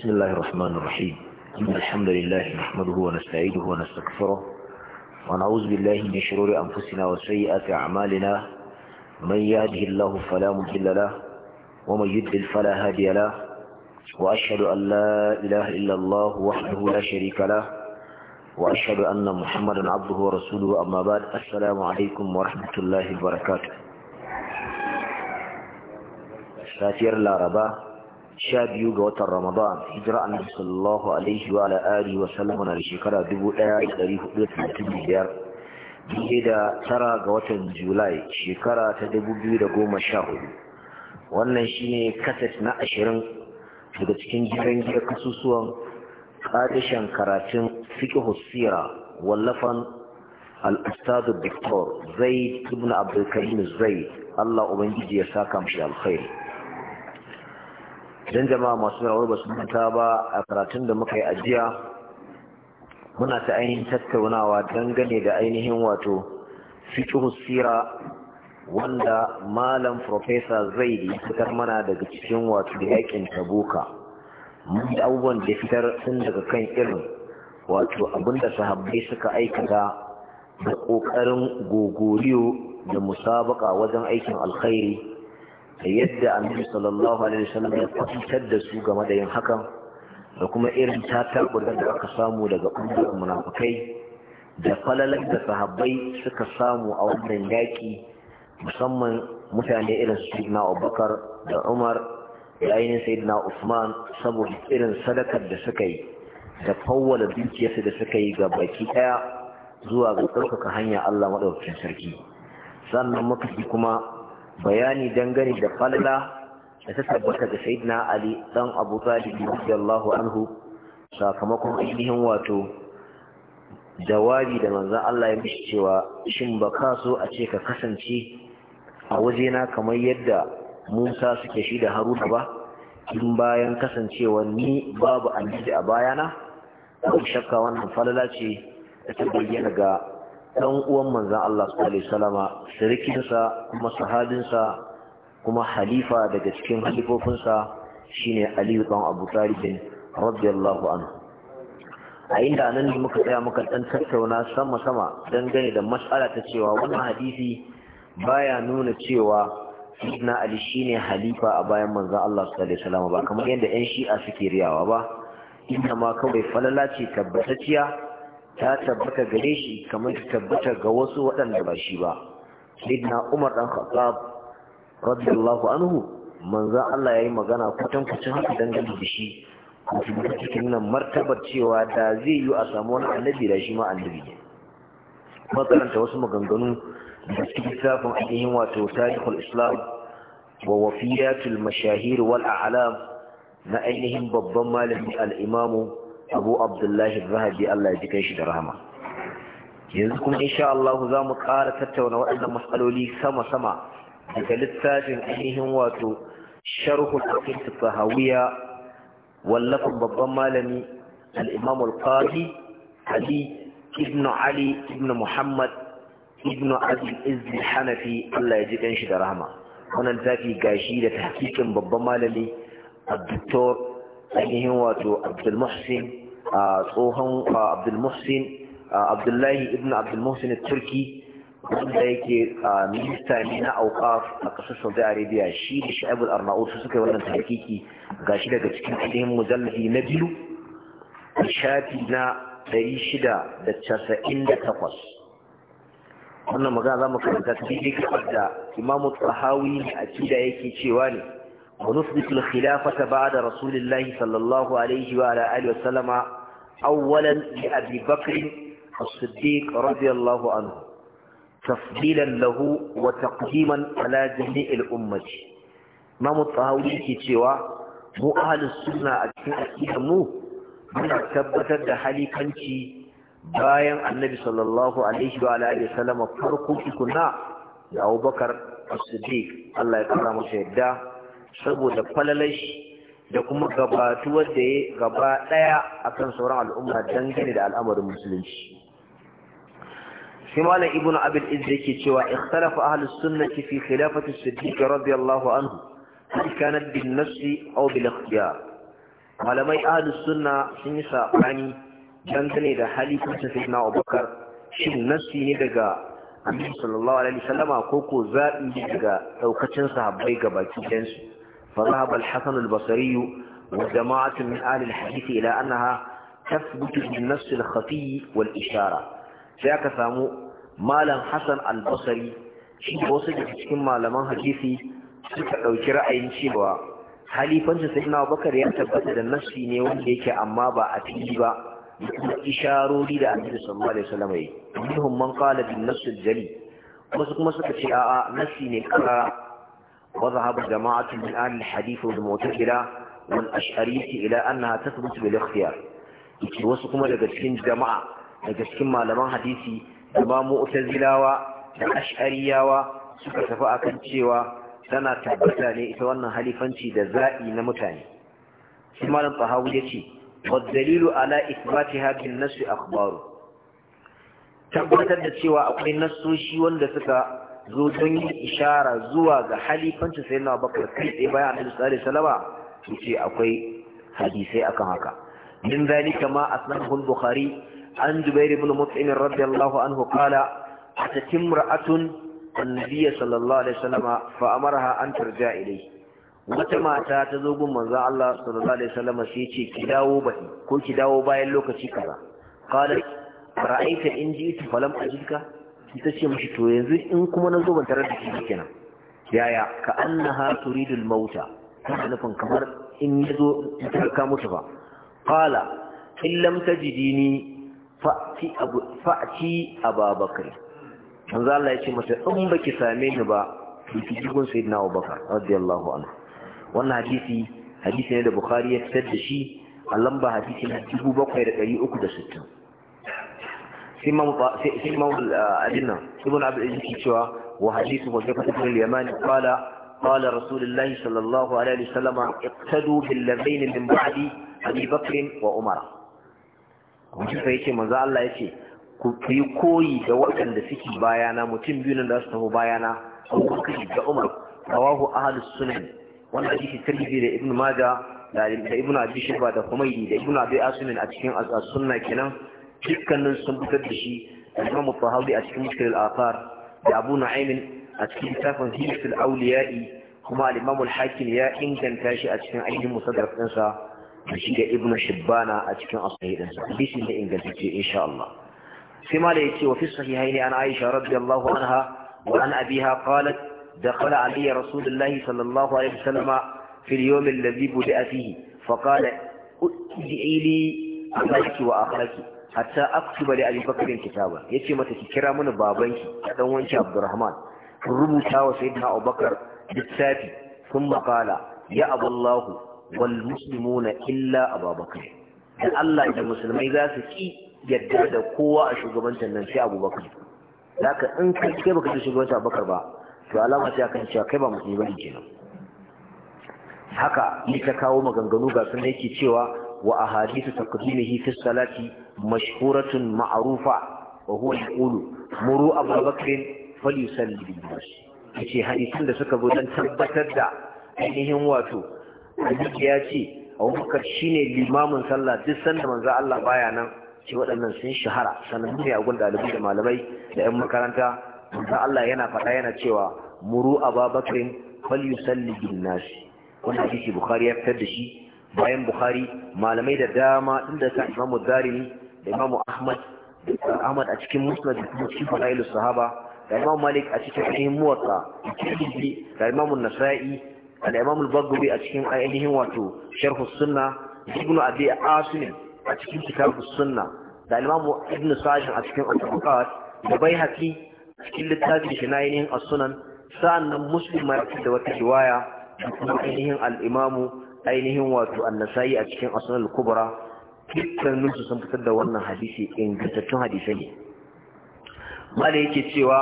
بسم الله الرحمن الرحيم إن الحمد لله نحمده ونستعيده ونستغفره ونعوذ بالله من شرور أنفسنا وسيئات أعمالنا من يهده الله فلا مضل له ومن يضلل فلا هادي له وأشهد أن لا إله إلا الله وحده لا شريك له وأشهد أن محمدا عبده ورسوله أما بعد السلام عليكم ورحمة الله وبركاته ساتير لا رباه sha biyu ga watan ramadan hijira annabi sallallahu alaihi wa alihi wa sallam na shekara 1435 dike da tara ga watan julai shekara ta 2014 wannan shi ne kaset na ashirin daga cikin jiran gida kasusuwan kadishan karatun fiqh sira wallafan al Biktor dr zaid ibn abdul karim zaid Allah ubangiji ya saka mishi alkhairi idan jama'a masu rawar ba su manta ba a karatun da muka yi ajiya muna ta ainihin tattaunawa dangane da ainihin wato fiqh sira wanda malam profesa zaidi fitar mana daga cikin wato yakin tabuka mun yi abubuwan da fitar sun daga kan irin wato abinda sahabbai suka aikata da ƙoƙarin gogoriyo da musabaka wajen aikin alkhairi yadda annabi sallallahu alaihi wasallam ya kwantar da su game da yin hakan da kuma irin tatakurdar da aka samu daga ƙungiyar munafukai da falalar da sahabbai suka samu a wannan yaƙi musamman mutane irin su na abubakar da umar da ainihin sayyidina usman saboda irin sadakar da suka yi da fawwala dukiyarsu da suka yi ga baki ɗaya zuwa ga ɗaukaka hanya allah maɗaukakin sarki sannan muka kuma bayani dangane da falla da ta tabbata ga sayyidina ali dan abu talib radiyallahu anhu sakamakon ainihin wato jawabi da manzon Allah ya mishi cewa shin ba ka so a ce ka kasance a wajena kamar yadda Musa suke shi da Haruna ba in bayan kasancewa ni babu annabi a bayana ko shakka wannan falala ce da ta bayyana ga ɗan uwan manzan Allah su alaihi salama shirikinsa kuma sahabinsa kuma halifa daga cikin halifofinsa shine Ali ibn Abu Talib radiyallahu anhu a inda nan ne muka tsaya muka dan tattauna sama sama dangane da mas'ala ta cewa wannan hadisi baya nuna cewa Sayyidina Ali shine halifa a bayan manzan Allah su alaihi salama ba kamar yadda ƴan Shi'a suke riyawa ba inda ma kawai falala ce tabbatacciya ta tabbata gare shi kamar ta tabbata ga wasu waɗanda ba shi ba sayyidina Umar dan Khattab radiyallahu anhu manzon Allah yayi magana kwatan kwatan haka dangane da shi kuma cikin nan martabar cewa da zai yi a samu wani annabi da shi ma annabi ne makaranta wasu maganganu da cikin littafin ainihin wato tarihul islam wa wafiyatul mashahir wal a'lam na ainihin babban malami al-imamu abu abdullahi zahabi Allah ya ji kai shi da rahama yanzu kuma insha Allah za mu kara tattauna waɗannan matsaloli sama-sama daga littafin ainihin wato sharhul aqid fahawiya wallafin babban malami al al-qadi ali ibn ali ibn muhammad ibn abi izz hanafi Allah ya ji kan shi da rahama wannan tafi gashi da tahqiqin babban malami الدكتور ainihin wato abdul muhsin tsohon abdul abdullahi ibn abdul turki wanda yake minista ne na aukaf a ƙasar saudi arabia shi da sha'ibul arnaud su suka yi wannan ga shi daga cikin ainihin mujalladi na biyu shafi na takwas. wannan magana za mu karanta ta daidai da imamu tsahawi a cida yake cewa ne ونثبت الخلافة بعد رسول الله صلى الله عليه وعلى آله وسلم أولا لأبي بكر الصديق رضي الله عنه تفضيلا له وتقديما على جميع الأمة ما الطهوي mu ahalin suna a cikin aƙidar mu muna tabbatar da halifanci bayan annabi sallallahu alaihi wa alihi farko tukuna da abubakar as-siddiq Allah ya kara masa yadda saboda falalai, da kuma gabatuwar da ya gaba ɗaya akan sauran al'umma dangane da al'amarin musulunci shi malam ibnu abul iz yake cewa ikhtalafa ahlus sunnati fi khilafati siddiq radiyallahu anhu hal kanat bin nafsi aw bil ikhtiyar malamai ahlus sunna sun yi sabani dangane da halifin sayyidina abubakar shin nafsi ne daga annabi sallallahu alaihi wasallama ko ko zabi daga daukacin sahabbai gabaki ɗayansu فذهب الحسن البصري وجماعة من أهل الحديث إلى أنها تثبت بالنفس الخفي والإشارة فيك سامو مالا حسن البصري شيء وصل كما لما حديثي suka ɗauki ra'ayin cewa halifansa sai na bakar ya tabbata da nafsi ne wanda yake amma ba a fili ba kuma isharori da annabi sallallahu alaihi wasallam yi minhum man bin ce a'a nafsi ne kara وذهب جماعة من أهل الحديث والمعتزلة والأشعرية إلى أنها تثبت بالاختيار وسكما لجسكين جماعة لجسكين ما لما حديثي لما مؤتزلاوة الأشعرياوة سكتفاء كنتيوة سنة تبتا لإتوانا هلفانتي دزائي نمتاني ثم لم تهاويتي والدليل على إثباتها بالنسو أخباره tabbatar da cewa akwai nassoshi wanda suka zo don yin ishara zuwa ga halifancin sai na bakar kai tsaye bayan annabi sallallahu alaihi wasallama su ce akwai hadisai akan haka min zalika ma asnahu al-bukhari an jubair ibn mut'im radiyallahu anhu qala atatim ra'atun annabi sallallahu alaihi wasallama fa amaraha an tarja ilayhi wata mata ta zo gun manzo Allah sallallahu alaihi wasallama sai ce ki dawo bai ko ki dawo bayan lokaci kaza qala ra'aita in ji'tu falam ajidka ita ce mashi to yanzu in kuma na zo ban da shi kenan yaya ka annaha turidul mauta tana nufin kamar in ya zo ka mutu fa qala in lam tajidini fa'ti abu fa'ti ababakar manzo Allah ya ce mata in baki same ni ba ki jigon sayyidina Abubakar radiyallahu anhu wannan hadisi hadisi ne da Bukhari ya fitar da shi a lamba hadisi na 7360 sai mamu sai mamu ah, abin nan ibn abd al-aziz cewa wa hadithu wa kafa قال رسول الله صلى الله عليه وسلم اقتدوا بالذين من بعد ابي بكر وعمر wani sai yake manzo Allah yake ku yi koyi da waɗanda suke bayana mutum biyu na da su taho bayana Abu Bakr da Umar rawahu ahlus sunan wannan hadisi Tirmidhi da Ibn Majah da Ibn Abi da da Ibn a cikin as-sunna kenan شكاً سنبتر بشي الإمام الطهاضي أتكي مشكل الآثار لأبو نعيم أتكي بتافن هيش في الأولياء هما الإمام الحاكم يا إن كان تاشي أتكي أيه مصدر فنسا بشيك ابن شبانا أتكي أصحي إنسا بس إن إن كان تجي إن شاء الله فيما ليتي وفي الصحيحين عن عائشة رضي الله عنها وعن أبيها قالت دخل علي رسول الله صلى الله عليه وسلم في اليوم الذي بدأ فيه فقال ادعي لي أخاك وأخاك hatta aktuba da Abi Bakr kitaba yace mata ki kira mana babanki da dan wanki Abdurrahman rubuta wa sayyidina Abubakar littafi thumma qala ya aballahu wal muslimuna illa Abubakar dan Allah da musulmai za su ki yadda da kowa a shugabancin nan sai Abubakar zaka in kai kai baka ji shugabancin Abubakar ba to alama ce akan cewa kai ba musulmi bane kenan haka ni ta kawo maganganu ga sun yake cewa wa ahadithu taqdimihi fi salati mashhuratun ma'arufa wa huwa yaqulu muru abubakar falyusalli bin nas yace hadisin da suka zo dan tabbatar da ainihin wato hadisi ya ce abubakar shine limamin sallah duk sanda manzo Allah baya nan ce waɗannan sun shahara sanan ne a gun dalibai da malamai da yan makaranta manzo Allah yana faɗa yana cewa muru abubakar falyusalli bin nas wannan hadisi bukhari ya fitar da shi bayan bukhari malamai da dama inda sa imamu darimi da imamu ahmad da ahmad a cikin musnad da kuma cikin fadailu sahaba da imamu malik a cikin ainihin muwatta da cikin da imamu nasa'i da imamu bagdawi a cikin ainihin wato sharhu sunna ibn abi asim a cikin kitabu sunna da imamu ibn sajin a cikin al-bukhari da baihaqi cikin littafin shi na ainihin as-sunan sa'annan muslim ma da wata riwaya da kuma ainihin al-imamu ainihin wato an-nasa'i a cikin as-sunan al-kubra dukkanin su sun fitar da wannan hadisi ingantattun hadisai ne mala yake cewa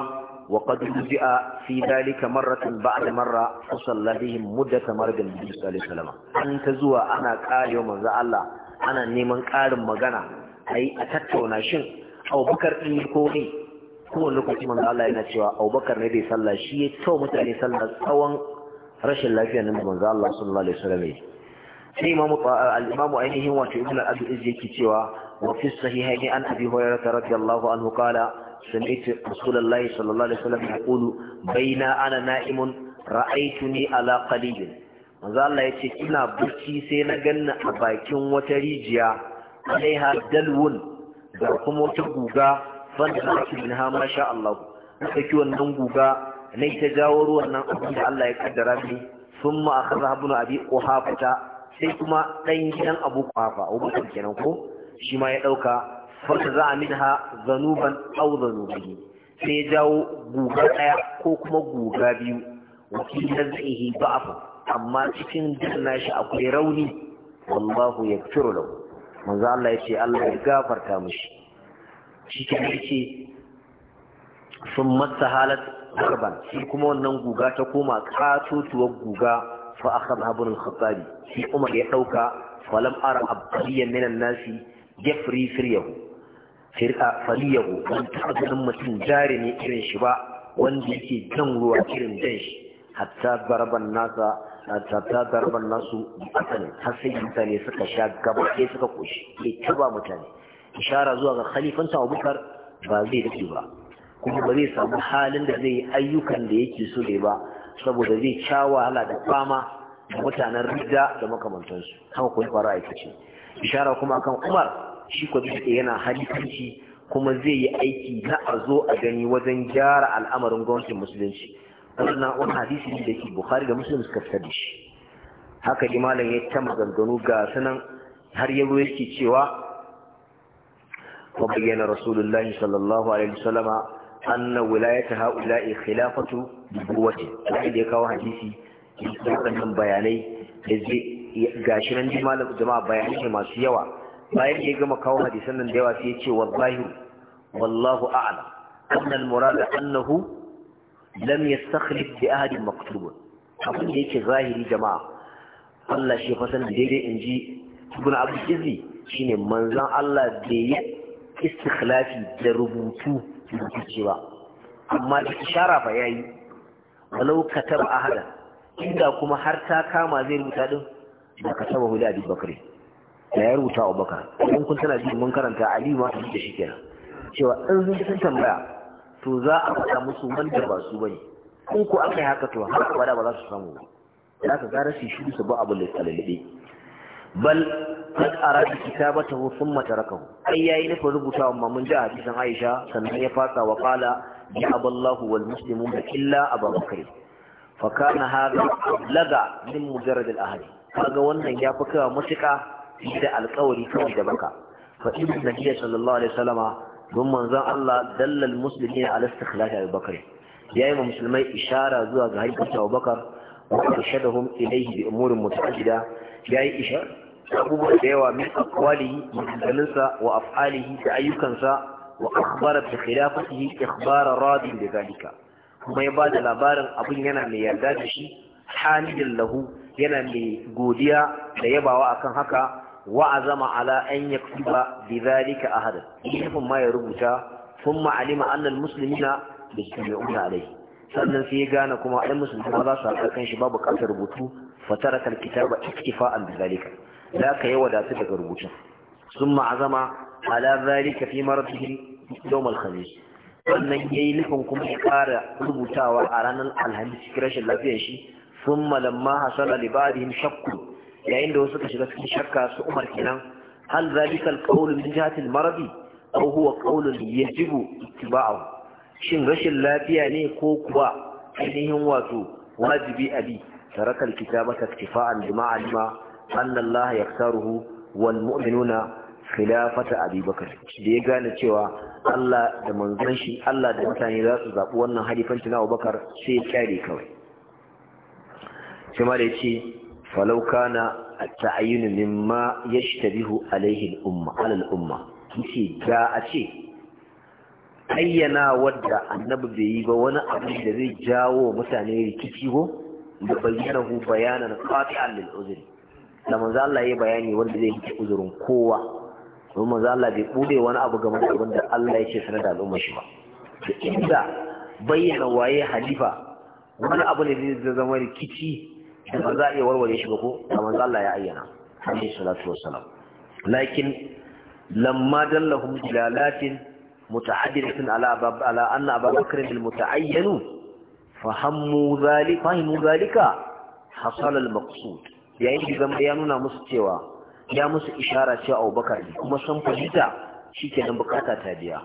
wa qad ruji'a fi dalika marratan ba'da marra fa sallallahu muddata margan bi sallallahu an ta zuwa ana karewa manzo Allah ana neman karin magana ai a tattauna shin Abubakar din ko ne ko lokacin manzo Allah yana cewa Abubakar ne bai sallah shi ya tsawo mutane sallah tsawon rashin lafiya nan manzo Allah sallallahu alaihi wasallam sai imamu al-imamu ainihin wato ibn al-abd yake cewa wa fi sahihaini an abi hurairah radiyallahu anhu qala sami'tu sallallahu alaihi wasallam yaqulu baina ana na'imun ra'aytuni ala qalil manzo ya ce ina barci sai na ganna a bakin wata rijiya alaiha dalwun da kuma wata guga fanda na cikin ha masha Allah saki wannan guga nai ta jawo ruwan nan da Allah ya kaddara mini ثم أخذها ابن أبي قحافة sai kuma ɗan gidan abu kwafa abu kenan ko shi ma ya ɗauka farta za a minha zanuban au zanubihi sai ya jawo guga ɗaya ko kuma guga biyu zai yi ba'afu amma cikin danna shi akwai rauni wallahu ya firo lau manzo Allah ya ce Allah ya gafarta mishi shi ke ce sun matsa halar garban shi kuma wannan guga ta koma katotuwar guga fa akhadha ibn al-khattabi shi umar ya dauka falam ara abdiyan minan nasi jafri firyahu firqa faliyahu ban taɓa ganin mutum jari ne irin shi ba wanda yake jan ruwa irin dan shi hatta barban nasa nasu asalin har sai mutane suka sha gaba ɗaya suka koshi ya taba mutane ishara zuwa ga khalifan sa ba zai dace ba kuma ba zai samu halin da zai yi ayyukan da yake so ba saboda zai sha wahala da fama da mutanen rida da makamantansu haka kuma fara aikace Bishara kuma akan umar shi ko yana halittanci, kuma zai yi aiki na arzo a gani wajen gyara al'amarin gwamnatin musulunci wannan wani hadisi ne da ke bukhari da muslim suka fitar da shi haka malam ya ta maganganu ga sanan har ya yake cewa wa bayyana rasulullahi sallallahu alaihi wasallama anna wilayata haula'i khilafatu nubuwati da ya kawo hadisi da waɗannan bayanai da zai gashi nan ji malam jama'a bayanai ne masu yawa bayan ya gama kawo hadisan nan da yawa sai ya ce wallahi wallahu a'lam anna al-murad annahu lam yastakhlif bi ahadin maktubun abin da yake zahiri jama'a Allah shi fasan daidai in ji ibn abdul izzi shine manzon Allah da ya istiklafi da rubutu ce ba amma da ishara fa yayi walau taba ahada inda kuma har ta kama zai rubuta din da taba hu abu Bakari da ya rubuta wa Bakar in kun tana jin mun karanta Ali ma ta da shi kenan cewa in sun san tambaya to za a faɗa musu wanda ba su bane in ko aka yi haka to har abada ba za su samu ba za ka gara su shi su ba abu da bal qad arada kitabatahu thumma tarakahu ai yayi nufin rubutawa amma mun ji hadisin Aisha sannan ya fasa wa qala ya aballahu wal muslimuna illa abubakar fa kana hada laga min mujarrad al ahadi kaga wannan ya fi kawa matuƙa da alƙawari kawai da baka fa ibn nabiyyi sallallahu alaihi wasallama don manzon Allah dallal muslimin ala istikhlaf abubakar yayi wa musulmai ishara zuwa ga haifar abubakar wa arshadahum ilayhi bi umurin mutaaddida ya yi isha abubuwa da yawa min akwalihi maganganunsa wa af'alihi da ayyukansa wa akhbara bi khilafatihi ikhbara radin da zalika kuma ya bada labarin abin yana mai yarda da shi hamidin lahu yana mai godiya da yabawa akan haka wa azama ala an yaktuba bi zalika ahadan kafin ma ya rubuta thumma alima anna almuslimina bi alayhi sannan sai ya gane kuma ai musulmi ba za su haka kan shi babu ƙasar rubutu fataraka alkitaba iktifa'an bidhalika da ka yawa da su daga rubutun summa azama ala zalika fi maradihi yawm alkhamis wannan yayi nufin kuma ya kara rubutawa a ranar alhamis rashin lafiyar shi summa lamma hasala li ba'dihim shakku yayin da wasu suka shiga cikin shakka su umar kenan hal zalika alqawlu min jihati almaradi aw huwa qawlun yajibu ittiba'uhu shin rashin lafiya ne ko kuwa ainihin wato wajibi abi taraka alkitabata iktifa'an bima alima anna Allah ruhu wal mu'minuna khilafata Abi Bakar da ya gane cewa Allah da Allah da mutane za su zabi wannan halifanci na Abu Bakar sai ya kyare kawai sai ma da yace falau kana at-ta'ayyun mimma yashtabihu alayhi al-umma ala al-umma a ce ayyana wanda annabi bai yi ba wani abu da zai jawo wa mutane rikici ko da bayyanahu bayanan qati'an lil uzri da manzo Allah yayi bayani wanda zai yi uzurin kowa don manzo Allah bai bude wani abu game da abin da Allah ya ce sanar da al'umma shi ba da inda bayyana waye halifa wani abu ne zai zama rikici da ba za a iya warware shi ba ko da manzo Allah ya ayyana alaihi salatu wassalam lakin lamma dallahum dilalatin متعدلة على أبا على أن أبا بكر المتعين fahammu zalika fahimu zalika yayin da gamba ya nuna musu cewa ya musu ishara cewa Abubakar ne kuma san fahita shike nan bukata ta biya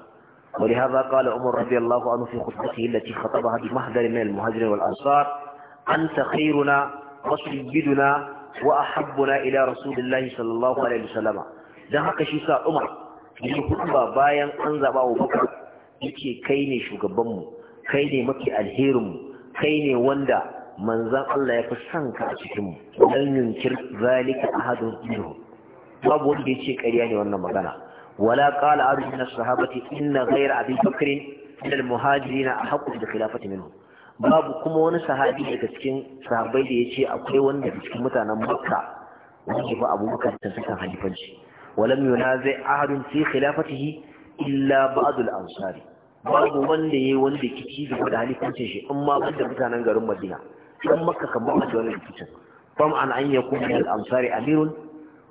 wani haza kala umar radiyallahu anhu fi khutbatihi allati khatabaha bi mahdari min al muhajirin wal anta khayruna wa sayyiduna wa ahabbuna ila rasulillahi sallallahu alaihi wasallam dan haka shi sa umar yayin hutuba bayan an zaba Abubakar yake kai ne shugaban mu kai ne mafi alherin kai ne wanda manzan Allah ya fi son ka a cikin mu dan yunkir zalika ahadun minhu babu wanda ya ce ƙarya ne wannan magana wala qala arju ina sahabati inna ghayra abi bakr min al-muhajirin ahqqu bi khilafati minhu babu kuma wani sahabi daga cikin sahabai da ya ce akwai wanda cikin mutanen makka wanda fa abubakar ta saka halifanci ولم ينازع أحد في illa إلا بعض الأنصار babu wanda ya yi wani rikici da da halifancin shi in ma da mutanen garin madina dan makka kan ba su wani rikicin fam an an yakun min al amsari amirun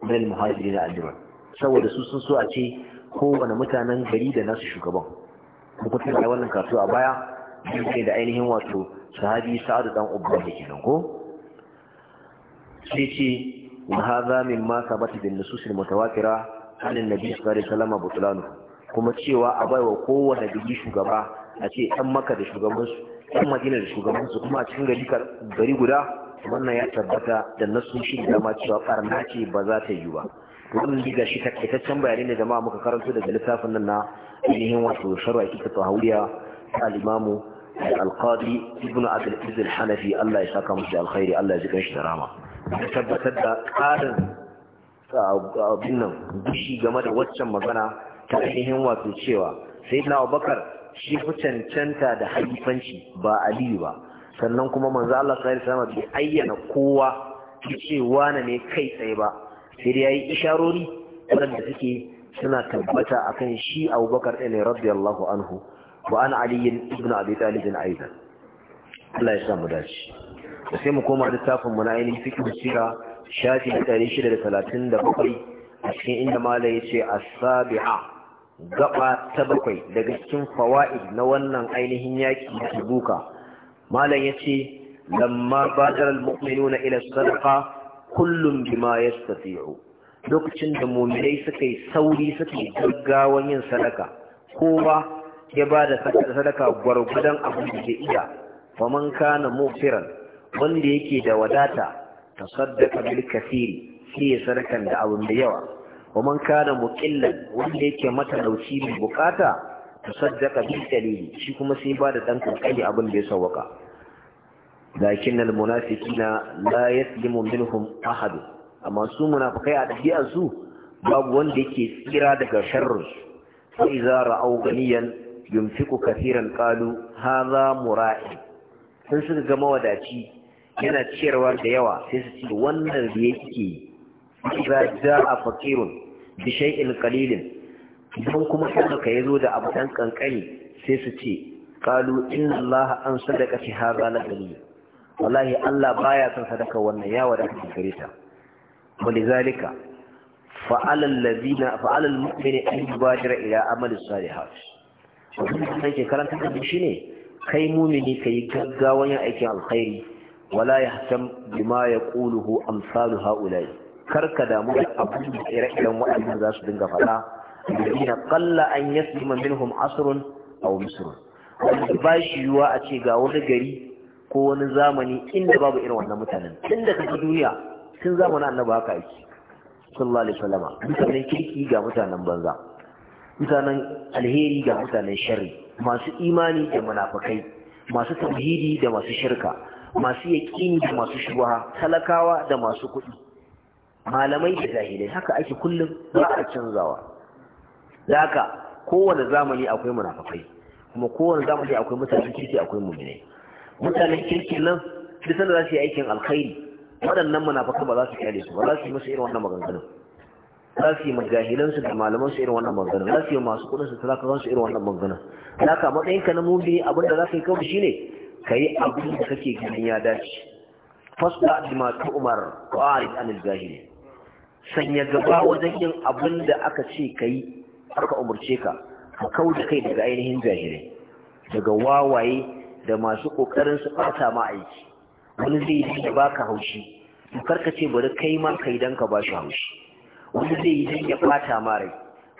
min al muhajirin al saboda su sun so a ce kowane mutanen gari da nasu shugaban muku tuna wannan kasuwa a baya ne da ainihin wato sahabi Sa'adu dan ubba da kenan ko sai ce wa hadha mimma sabata bin nusus al mutawatira an annabi sallallahu alaihi wasallam butlanuhu kuma cewa a baiwa kowane gari shugaba a ce ɗan maka da shugabansu ɗan madina da shugabansu kuma a cikin gari gari guda wannan ya tabbata da nasu shi da dama cewa ɓarna ce ba za ta yi ba wannan diga shi takaitaccen bayanai ne jama'a muka karanto daga littafin nan na ainihin wato sharwa ita tahawiyya ta al-imamu al-qadi ibnu abdul aziz al-hanafi Allah ya saka musu alkhairi Allah ya ji shi da rama tabbatar da ƙarin abin nan gushi game da waccan magana ta ainihin wato cewa sai na abubakar shi fi cancanta da haifanci ba aliyu ba sannan kuma manzo Allah sallallahu alaihi bai ayyana kowa ki ce wane ne kai tsaye ba sai dai yayi isharori waɗanda suke suna tabbata akan shi abubakar ɗin radiyallahu anhu wa an aliyin ibn abi talib aidan Allah ya sa mu dace sai mu koma littafin mu na ainihin fiqh sira shafi 637 a cikin inda malai yace as-sabi'a gaba ta bakwai daga cikin fawa'id na wannan ainihin yaki na buka. malam yace lamma badar almu'minuna ila sadaqa kullum bima yastati'u lokacin da mu'minai suka yi sauri suka yi gaggawan yin sadaka kowa ya ba da sadaka gwargwadon abin da zai iya Fa man kana mufiran wanda yake da wadata tasaddaqa bil kathiri sai sadakan da abin da yawa wa man kana muqillan wanda yake matalauci mai bukata tasaddaqa bi dalili shi kuma sai ba da dan kankani abin da ya sawaka lakin al munafiqina la yaslimu minhum ahad amma su munafikai a dabi'ar su babu wanda yake tsira daga sharri fa idza ra'aw ganiyan yumsiku kathiran qalu hadha mura'i sun suka ga mawadaci yana ciyarwa da yawa sai su ci wannan da yake idza a faqirun bi shay'il don kuma haka ya zo da abu dan kankani sai su ce qalu inna allaha an sadaka fi hadha la dalil wallahi allah baya son sadaka wannan ya wada ka gare ta walizalika fa'ala alladhina fa'ala almu'mini an yubadira ila amali salihat wannan sai karanta da shi ne kai mumini kai gaggawan aikin alkhairi wala yahtam bima yaquluhu amsalu ha'ula'i kar ka damu da abin da ire waɗannan za su dinga faɗa na qalla an yaslima minhum asrun aw misrun wanda ba shi yiwa a ce ga wani gari ko wani zamani inda babu irin wannan mutanen inda kaga duniya tun zamanin annabawa ka yake sallallahu alaihi wasallam mutanen kirki ga mutanen banza mutanen alheri ga mutanen sharri masu imani da munafikai masu tauhidi da masu shirka masu yaƙini da masu shubha talakawa da masu kuɗi malamai da jahilai haka ake kullum ba a canzawa haka kowane zamani akwai munafakai kuma kowane zamani akwai mutanen kirki akwai muminai mutanen kirki nan duk sanda za su yi aikin alkhairi waɗannan munafakan ba za su kyale su ba za su yi musu irin wannan maganganun za su yi majahilan su da malaman su irin wannan maganganun za su yi masu kuɗin su talakawan su irin wannan maganganun haka matsayinka na mumini abin da za ka yi kawai shine ka yi abin da kake ganin ya dace fasda bima tu'mar wa a'rid anil jahilin sanya gaba wajen yin abin da aka ce ka yi aka umarce ka ka kau da kai daga ainihin jahilai daga wawaye da masu ƙoƙarin su ɓata ma aiki wani zai yi da baka haushi kar ka ce bari kai ma kai dan ka bashi haushi wani zai yi ya ɓata ma rai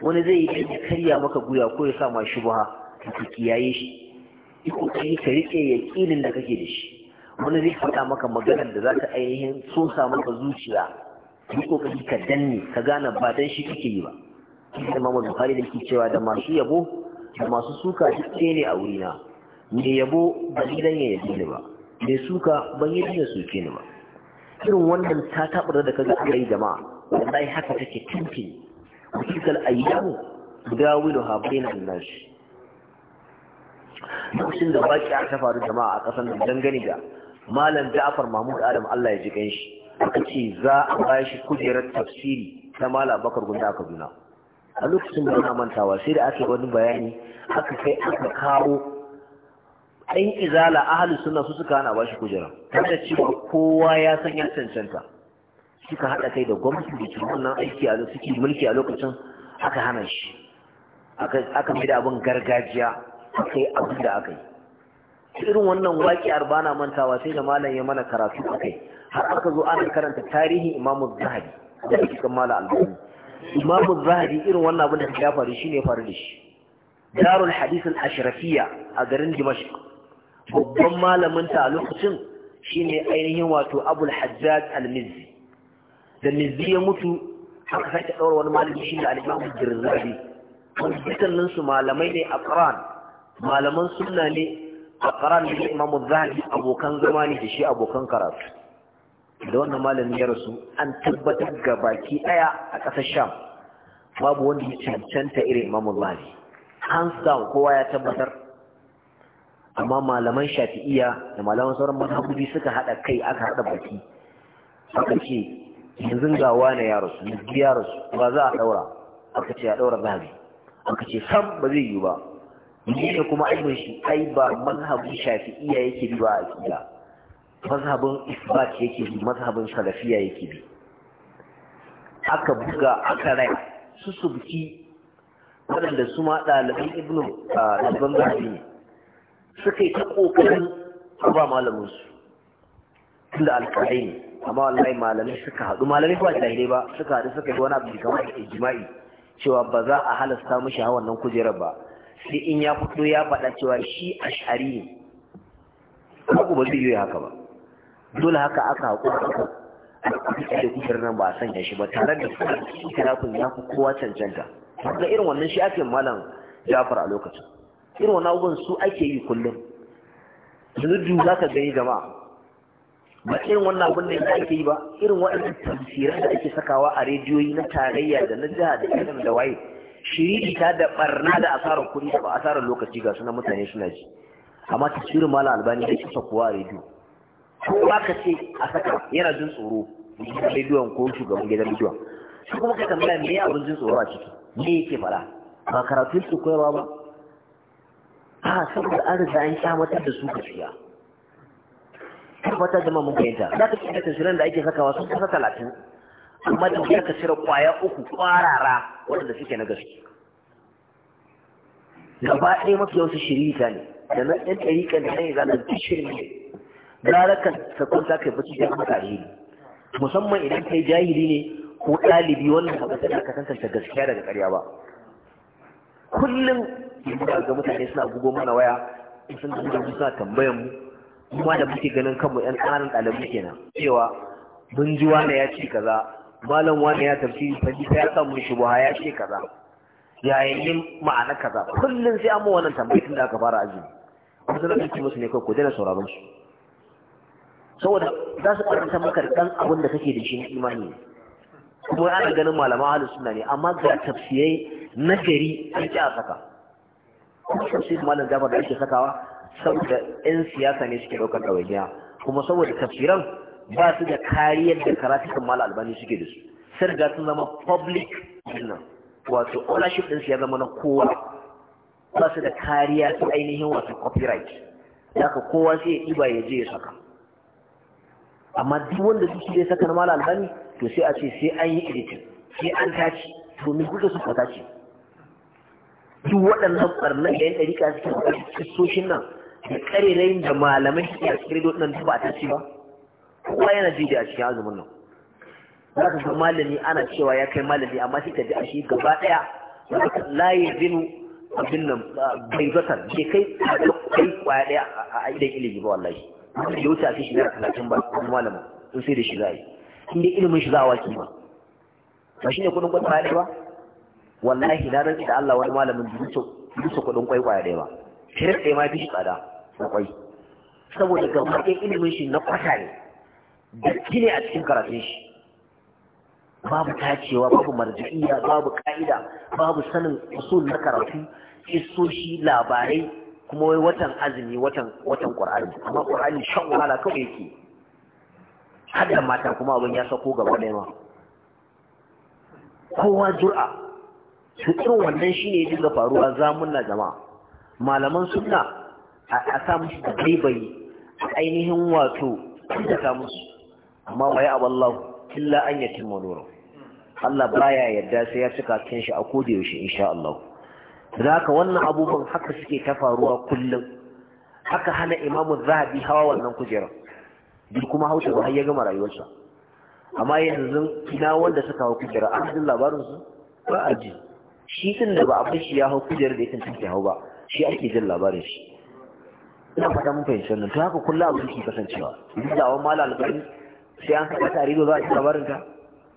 wani zai yi ya karya maka guya ko ya sa ma shubha ka kiyaye shi yi ka riƙe yaƙinin da kake da shi wani zai faɗa maka maganar da za ta ainihin sosa maka zuciya yi kokari ka danne ka gane ba dan shi kake yi ba Imam Bukhari da ke cewa da masu yabo da masu suka duk ne a wurina me yabo ba gidan ya yabi ni ba me suka ban yi da suke ni ba irin wannan ta tabar da kaga aka jama'a wallahi haka take tintin kusikal ayyamu dawiluha bainan nas lokacin da baki aka faru jama'a a kasan dangane da malam Ja'far Mahmud Adam Allah ya ji shi aka ce za a bashi kujerar tafsiri ta malam bakar gunda a kaduna a lokacin da na mantawa sai da aka wani bayani aka kai aka kawo ɗan izala ahalin suna su suka hana bashi kujera Ta da cewa kowa ya san ya cancanta suka haɗa kai da gwamnati da cikin wannan aiki a suke mulki a lokacin aka hana shi aka mai da abin gargajiya aka yi abin da aka yi irin wannan waƙi na mantawa sai da malam ya mana karatu a kai har aka zo ana karanta tarihin imamu zahabi da cikin mala albani imamu zahabi irin wannan abin da ya faru shine ya faru da shi darul hadith al ashrafiya a garin dimashq babban malamin ta a lokacin shine ainihin wato abul hajjaj al mizzi da mizzi ya mutu aka sake daura wani malami shine al imamu jirzabi wanda su malamai ne a malaman sunna ne a qur'an da imamu zahabi abokan zama ne da shi abokan karatu da wannan malamin ya rasu an tabbatar ga baki ɗaya a ƙasar sham babu wanda ya cancanta irin imamun mali hands down kowa ya tabbatar amma malaman shafi'iya da malaman sauran mazhabobi suka haɗa kai aka haɗa baki aka ce yanzu ga wane ya rasu yanzu ya rasu ba za a ɗaura aka ce a ɗaura zabi aka ce sam ba zai yi ba ne kuma aibin shi ai ba mazhabin shafi'iya yake bi ba a mazhabin isbat yake bi mazhabin salafiya yake bi aka buga aka rai su subki waɗanda su ma ɗaliban ibnu ɗaliban zahabi ne suka yi ta ƙoƙarin ba malaminsu tunda alƙalai ne amma wallahi malamai suka haɗu malamai ba jahilai ba suka haɗu suka yi wani abu kamar ijma'i cewa ba za a halasta mishi hawan nan kujerar ba sai in ya fito ya faɗa cewa shi ash'ari ne ba ku ba zai yi haka ba dole haka aka haƙura da kusurin nan ba a sanya shi ba tare da ikirafin ya fi kowa cancanta da irin wannan shi ake malam jafar a lokacin irin wannan abubuwan su ake yi kullum zunudu za ka gani jama'a ba irin wannan abin da ya ake yi ba irin waɗannan tamsirai da ake sakawa a rediyoyi na tarayya da na jiha da irin da waye shiri ta da barna da asarar kuɗi da ba asarar lokaci ga suna mutane suna ji amma tasirin malam albani da kusa kuwa a rediyo ko ba ka ce a saka yana jin tsoro gidan bidiyon ko shugaban gidan bidiyon su kuma ka tambaya me ya wurin jin tsoro a ciki me yake fara ba karatu su koyarwa ba a saboda an riga an kyamatar da su gaskiya tabbatar da mun fahimta za ka cika tasirin da ake sakawa sun kasa talatin amma da ya ka cire kwaya uku kwarara waɗanda suke na gaske gaba ɗaya mafi yau yawansu shirita ne da na ɗan ɗariƙa da ɗan yi zanen duk shirin ne gara ka sakwanta kai bacci da maka alheri musamman idan kai jahili ne ko ɗalibi wannan ba ka ka tantance gaskiya daga ƙarya ba kullum idan ga mutane suna gugo mana waya sun da mu suna tambayan mu kuma da muke ganin kanmu ƴan ƙananan ɗalibai kenan cewa mun ji wani ya ce kaza malam wani ya tafsiri fahimta ya samu shubuha ya ce kaza yayin yin ma'ana kaza kullum sai an ma wannan tambayi tun da aka fara azumi wasu sun ɗauki musu ne kai ku daina sauraron su saboda za su karanta maka ɗan abin da kake da shi na imani kuma ana ganin malaman halin suna ne amma ga tafsirai na gari an ƙi a saka kuma tafsirin malam jafar da ake sakawa saboda 'yan siyasa ne suke ɗaukar ɗawainiya kuma saboda tafsiran ba su da kariyar da karatukan malam albani suke da su sai riga sun zama public dinnan wato ownership ɗinsu ya zama na kowa ba su da kariya ta ainihin wato copyright da kowa sai ya ɗiba ya je ya saka amma duk wanda su zai saka na mala albani to sai a ce sai an yi editing sai an tace to kuka su fata ce duk waɗannan ɓarnar da yan ɗarika suke ɓarnar kristoshin nan da ƙarerayin da malamai suke a cikin rediyo nan ba a tace ba kowa yana ji da a cikin azumin nan za ka ga malami ana cewa ya kai malami amma sai ta ji a shi gaba ɗaya layi zinu abin nan bai zata bai kai a kai kwaya ɗaya a idan ilimi ba wallahi mutum da wuce a fi shekara talatin ba kuma malama sun sai da shi za a yi inda ilimin shi za a waki ma ba shi ne kudin kwai kwaya ɗaya ba wallahi na rantsi da Allah wani malamin bisa kudin kwai kwaya ɗaya ba shirin ɗaya ma fi shi tsada na kwai saboda ga ɗaya ilimin shi na kwata ne datti ne a cikin karatun shi babu tacewa babu marji'iya babu ka'ida babu sanin usul na karatu isoshi labarai kuma wai watan azumi watan watan qur'ani amma qur'ani shan wahala kawai yake hada mata kuma abin ya sako gaba ɗaya ma kowa jur'a su irin wannan shine ya dinga faruwa zamun na jama'a malaman sunna a sa musu da baibayi ainihin wato da ta musu amma wai a aballahu illa an yatimma nuru Allah baya yadda sai ya cika kin shi a koda yaushe insha Allah da ka wannan abubuwan haka suke ta faruwa kullum haka hana imamu zahabi hawa wannan kujera duk kuma hausa ba har ya gama rayuwarsa amma yanzu ina wanda suka hau kujera an jin labarin su ba a ji shi din da ba a shi ya hau kujerar da ya ke hau ba shi ake jin labarin shi ina fata mun fahimci wannan to haka kullum abin ke kasancewa duk da wani malam alƙari sai an saka ta rido za a ji labarin ka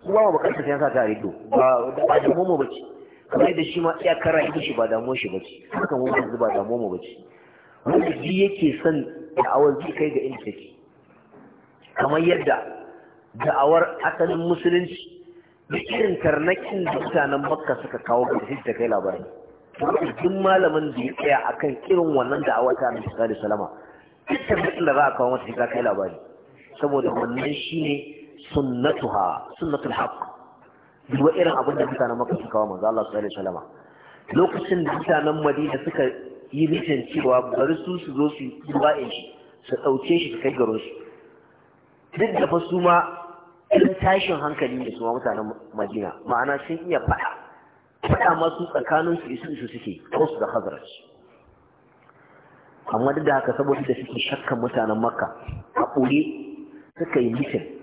kuma ba bukatar sai an saka ta rido ba da ba mu mu bace kamar da shi ma iyakar rayuwar shi ba damuwar shi bace haka mu yanzu ba damuwar mu bace wanda ji yake son da'awar zai kai ga inda take kamar yadda da'awar asalin musulunci da irin tarnakin da mutanen makka suka kawo ga ta kai labarin duk malamin da ya tsaya akan irin wannan da'awa ta annabi sallallahu alaihi wasallam duk tarnakin da za a kawo mata sai kai labari saboda wannan shine sunnatuha sunnatul haqq duba irin abin da mutanen maka suka wa manzo Allah sallallahu alaihi wasallam lokacin da mutanen Madina suka yi nufin cewa bari su su zo su yi ba'in shi su ɗauke shi su kai garin su duk da fa su ma irin tashin hankali da su ma mutanen Madina ma'ana sun iya faɗa faɗa masu tsakanin su isu isu suke ko su da hazarci amma duk da haka saboda suke shakkan mutanen Makka a ɓoye suka yi nufin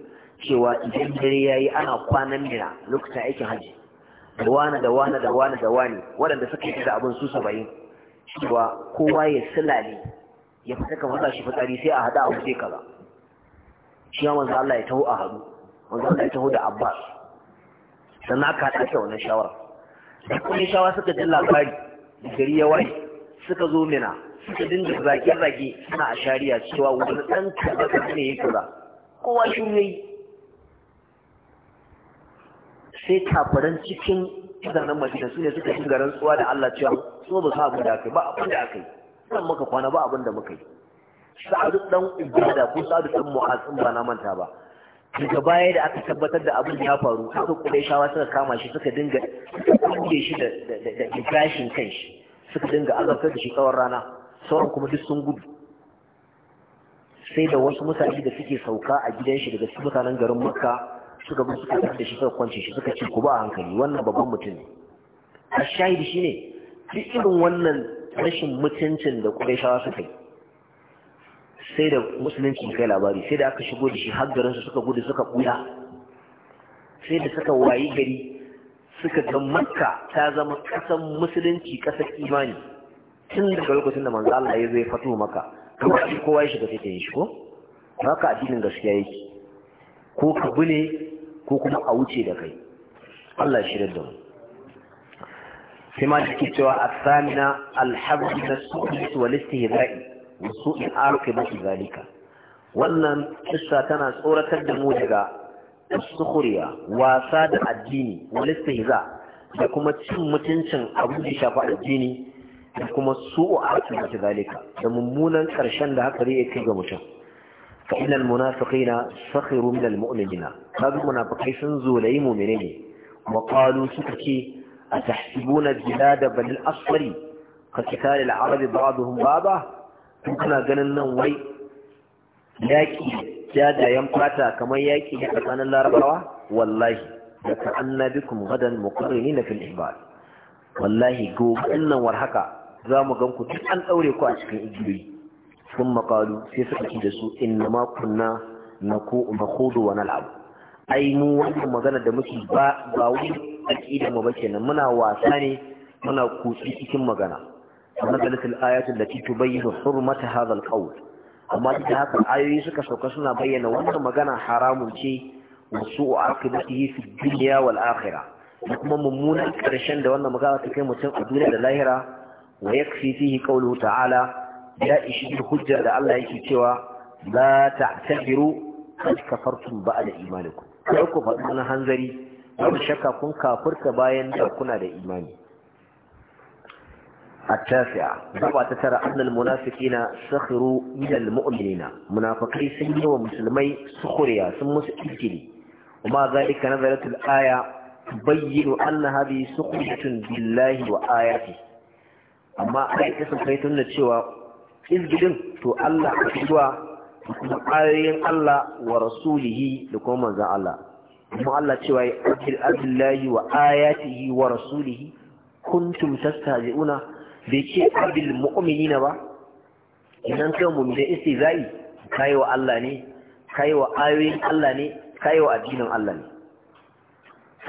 cewa idan dare ya yi ana kwanan nira lokacin aikin hajji da wane da wane da wane da wane waɗanda suka yi da abin su saba'in cewa kowa ya silale ya fita kamar za shi fitsari sai a haɗa a wuce kaza shi ya manzo Allah ya taho a haɗu manzo Allah ya taho da Abbas sannan aka haɗa ta wannan shawara da kuma shawara suka ji labari gari ya waye suka zo mina suka dinga zage-zage suna a shari'a cewa wani ɗan kaza ne ya kaza kowa shi ne sai kafiran cikin mutanen madina su ne suka shiga rantsuwa da Allah cewa so ba su abin da aka yi ba abin da aka yi san muka kwana ba abin da muka yi sa'adu dan ubada ko sa'adu dan mu'az ba na manta ba daga baya da aka tabbatar da abin ya faru haka shawa suka kama shi suka dinga kuke shi da ibrahim gashin kan shi suka dinga azabtar da shi tsawon rana sauran kuma duk sun gudu sai da wasu mutane da suke sauka a gidan shi daga mutanen garin makka suka bi suka tafi shi suka kwance shi suka ce ku ba hankali wannan babban mutum ne a shi ne, duk irin wannan rashin mutuncin da Qurayshawa suka yi sai da musulunci kai labari sai da aka shigo da shi har su suka gudu suka buya sai da suka wayi gari suka ga Makka ta zama kasan musulunci kasar imani tun daga lokacin da manzo Allah ya zai fato maka kuma kowa ya shiga cikin shi ko haka addinin gaskiya yake ko kabu ne ko kuma a wuce da kai Allah shi da mu sai ma da cewa asamina alhabbi na su'is wal istihza'i wa su'i da zalika wannan kissa tana tsoratar da mu daga sukhuriya wasa da addini wal istihza da kuma cin mutuncin abu da shafa addini da kuma su'u aqibati zalika da mummunan karshen da haka zai kai ga mutum fa innal munafiqina sakhiru min al mu'minina kaga munafiqai sun zolayi mu'mine ne wa qalu suka da atahsibuna al bilada bal al asfari ka kital al arab ba'dhum baba kun kana ganin nan wai yaki jajayen fata kamar yaki ne tsakanin larabawa wallahi da ka annabikum gadan muqarrinina fil ihbal wallahi gobe nan war haka za mu gan ku duk an ɗaure ku a cikin igiyoyi sun maƙalu sai suka ci da su inna ma kunna na kudu wa nal'abu ai mu wannan magana da muke ba ba wani aƙida mu ba kenan muna wasa ne muna kutsi cikin magana nazalat al da allati tubayyinu hurmata hadha al-qawl amma da haka ayoyi suka sauka suna bayyana wannan magana haramun ce wasu aqibatihi fi dunya wal akhira. da kuma mummunan karshen da wannan magana ta kai mutum a duniya da lahira wa yakfi fihi qawluhu ta'ala ya ishi hujja da Allah yake cewa la ta'tabiru qad kafartum da imanikum kai ku faɗi wani hanzari babu shakka kun kafirta bayan da kuna da imani التاسعة سبعة ترى أن المنافقين سخروا من المؤمنين منافقين سنين ومسلمي سخريا ثم سئلتلي وما ذلك نزلت الآية تبين أن هذه Billahi بالله وآياته amma ai kasance tun da cewa izgidin to Allah a zuwa da kuma Allah wa rasulihi da kuma manzan Allah kuma Allah cewa ya ajil abillahi wa ayatihi wa rasulihi kuntum tastahzi'una bai ce abil na ba idan kai za'i, istizai kai wa Allah ne kai wa ayoyin Allah ne kai wa addinin Allah ne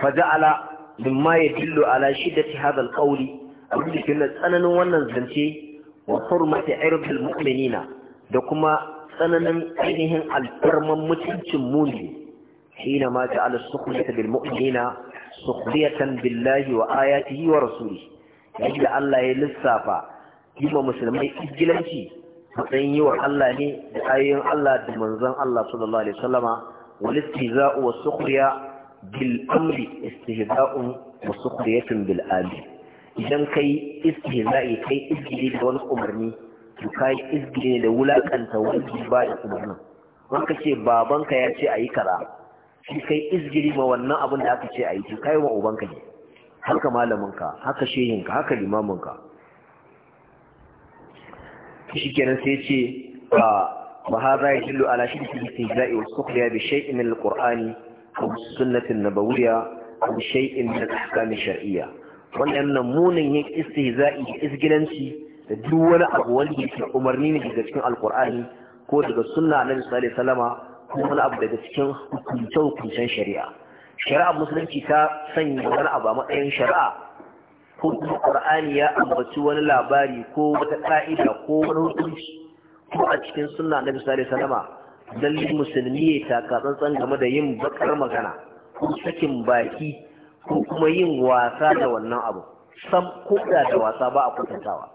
fa ja'ala mimma yadullu ala shiddati hadha al-qawli abin da ke tsananin wannan zance wa hurmati irdil mu'minina da kuma tsananin ainihin alfarman mutuncin muni hina ma ja'ala sukhliyata bil mu'minina sukhliyatan billahi wa ayatihi wa rasulihi yadda Allah ya lissafa yi musulmai igilanci matsayin yi wa Allah ne da ayoyin Allah da manzon Allah sallallahu alaihi wasallama wal istihza'u was sukhriya bil amri istihza'un wa sukhriyatun bil amri idan kai istihza'i kai izgiri da wani umarni to kai izgiri da wulakanta wani ba da umarnin wanka ce babanka ya ce ayi kaza shi kai izgiri ma wannan abin da aka ce ayi to kai wa ubanka ne haka malaminka haka shehinka haka limaminka shi kenan sai ce ba zai yadullu ala shirki istihza'i wa sukhriya bi shay'in min al-qur'ani aw sunnati an-nabawiyya aw shay'in min al-ahkam tsakanin shari'a. wannan munin yin istihza'i da isgilanci da duk wani abu wanda yake umarni ne daga cikin alkur'ani ko daga sunna annabi sallallahu alaihi wasallama ko wani abu daga cikin hukunce hukuncen shari'a shari'a musulunci ta sanya wani abu a matsayin shari'a ko kuma qur'ani ya ambaci wani labari ko wata ka'ida ko wani hukunci ko a cikin sunna annabi sallallahu alaihi wasallama dalilin musulmi ya taka tsantsan game da yin bakar magana ko sakin baki ko kuma yin wasa da wannan abu sam koda da wasa ba a kwatantawa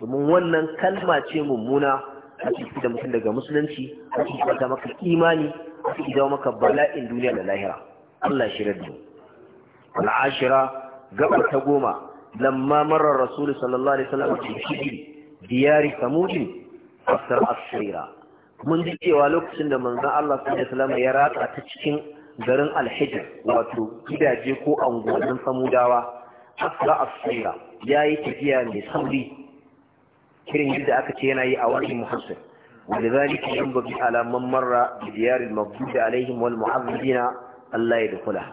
domin wannan kalma ce mummuna a ciki da mutum daga musulunci a ciki wata maka imani a ciki zama maka bala'in duniya da lahira Allah shi raddu al'ashira gaba ta goma lamma marar rasulu sallallahu alaihi wasallam cikin shiri diyari samudin asar asira mun ji cewa lokacin da manzon Allah sallallahu alaihi wasallam ya ratsa ta cikin garin alhijar wato gidaje ko angonin samudawa asra asira ya yi tafiya mai sauri kirin yadda aka ce yana yi a wani muhassir ولذلك ينبغي على من مر بديار المغضوب عليهم والمعذبين الله يدخلها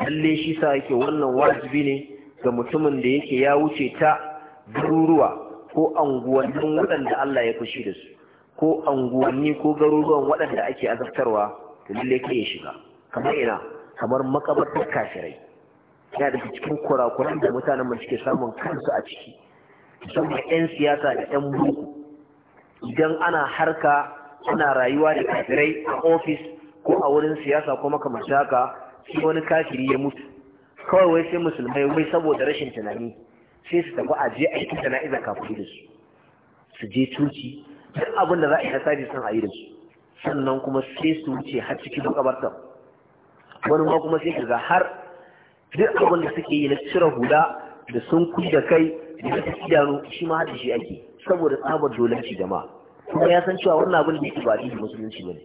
lalle shi sa yake wannan wajibi ne ga mutumin da yake ya wuce ta garuruwa ko anguwannin waɗanda Allah ya fushi da su ko anguwanni ko garuruwan waɗanda ake azabtarwa da lalle kai ya shiga kamar ina kamar makabartar kafirai yana daga cikin kurakuran da mutanen mai suke samun kansu a ciki musamman 'yan siyasa da 'yan buku idan ana harka ana rayuwa da kafirai a ofis ko a wurin siyasa ko makamanci haka sai wani kafiri ya mutu kawai wai sai musulmai wai saboda rashin tunani sai su tafi a je a yi jana'iza kafin da su su je cuci, duk abin da za a yi na sun a yi da su sannan kuma sai su wuce har cikin makabartar wani ma kuma sai kaga har duk abin da suke yi na cire hula da sun da kai da su idanu shi ma haɗa shi ake saboda tsabar dolanci jama'a kuma ya san cewa wannan abin da yake ba addinin musulunci bane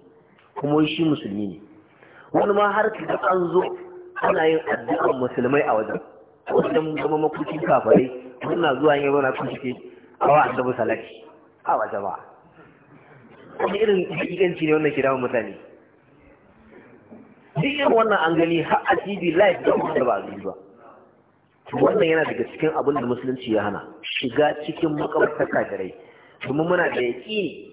kuma shi musulmi ne wani ma har kaga an zo ana yin addu'an musulmai a wajen wajen zama makucin kafare muna zuwa yin yana kun shike a wa annabi salati a wajen ba wani irin hakikanci ne wannan ke mutane duk irin wannan an gani har a tv live da kuma ba a ba wannan yana daga cikin abin da musulunci ya hana shiga cikin makabartar kafirai domin muna da yaƙi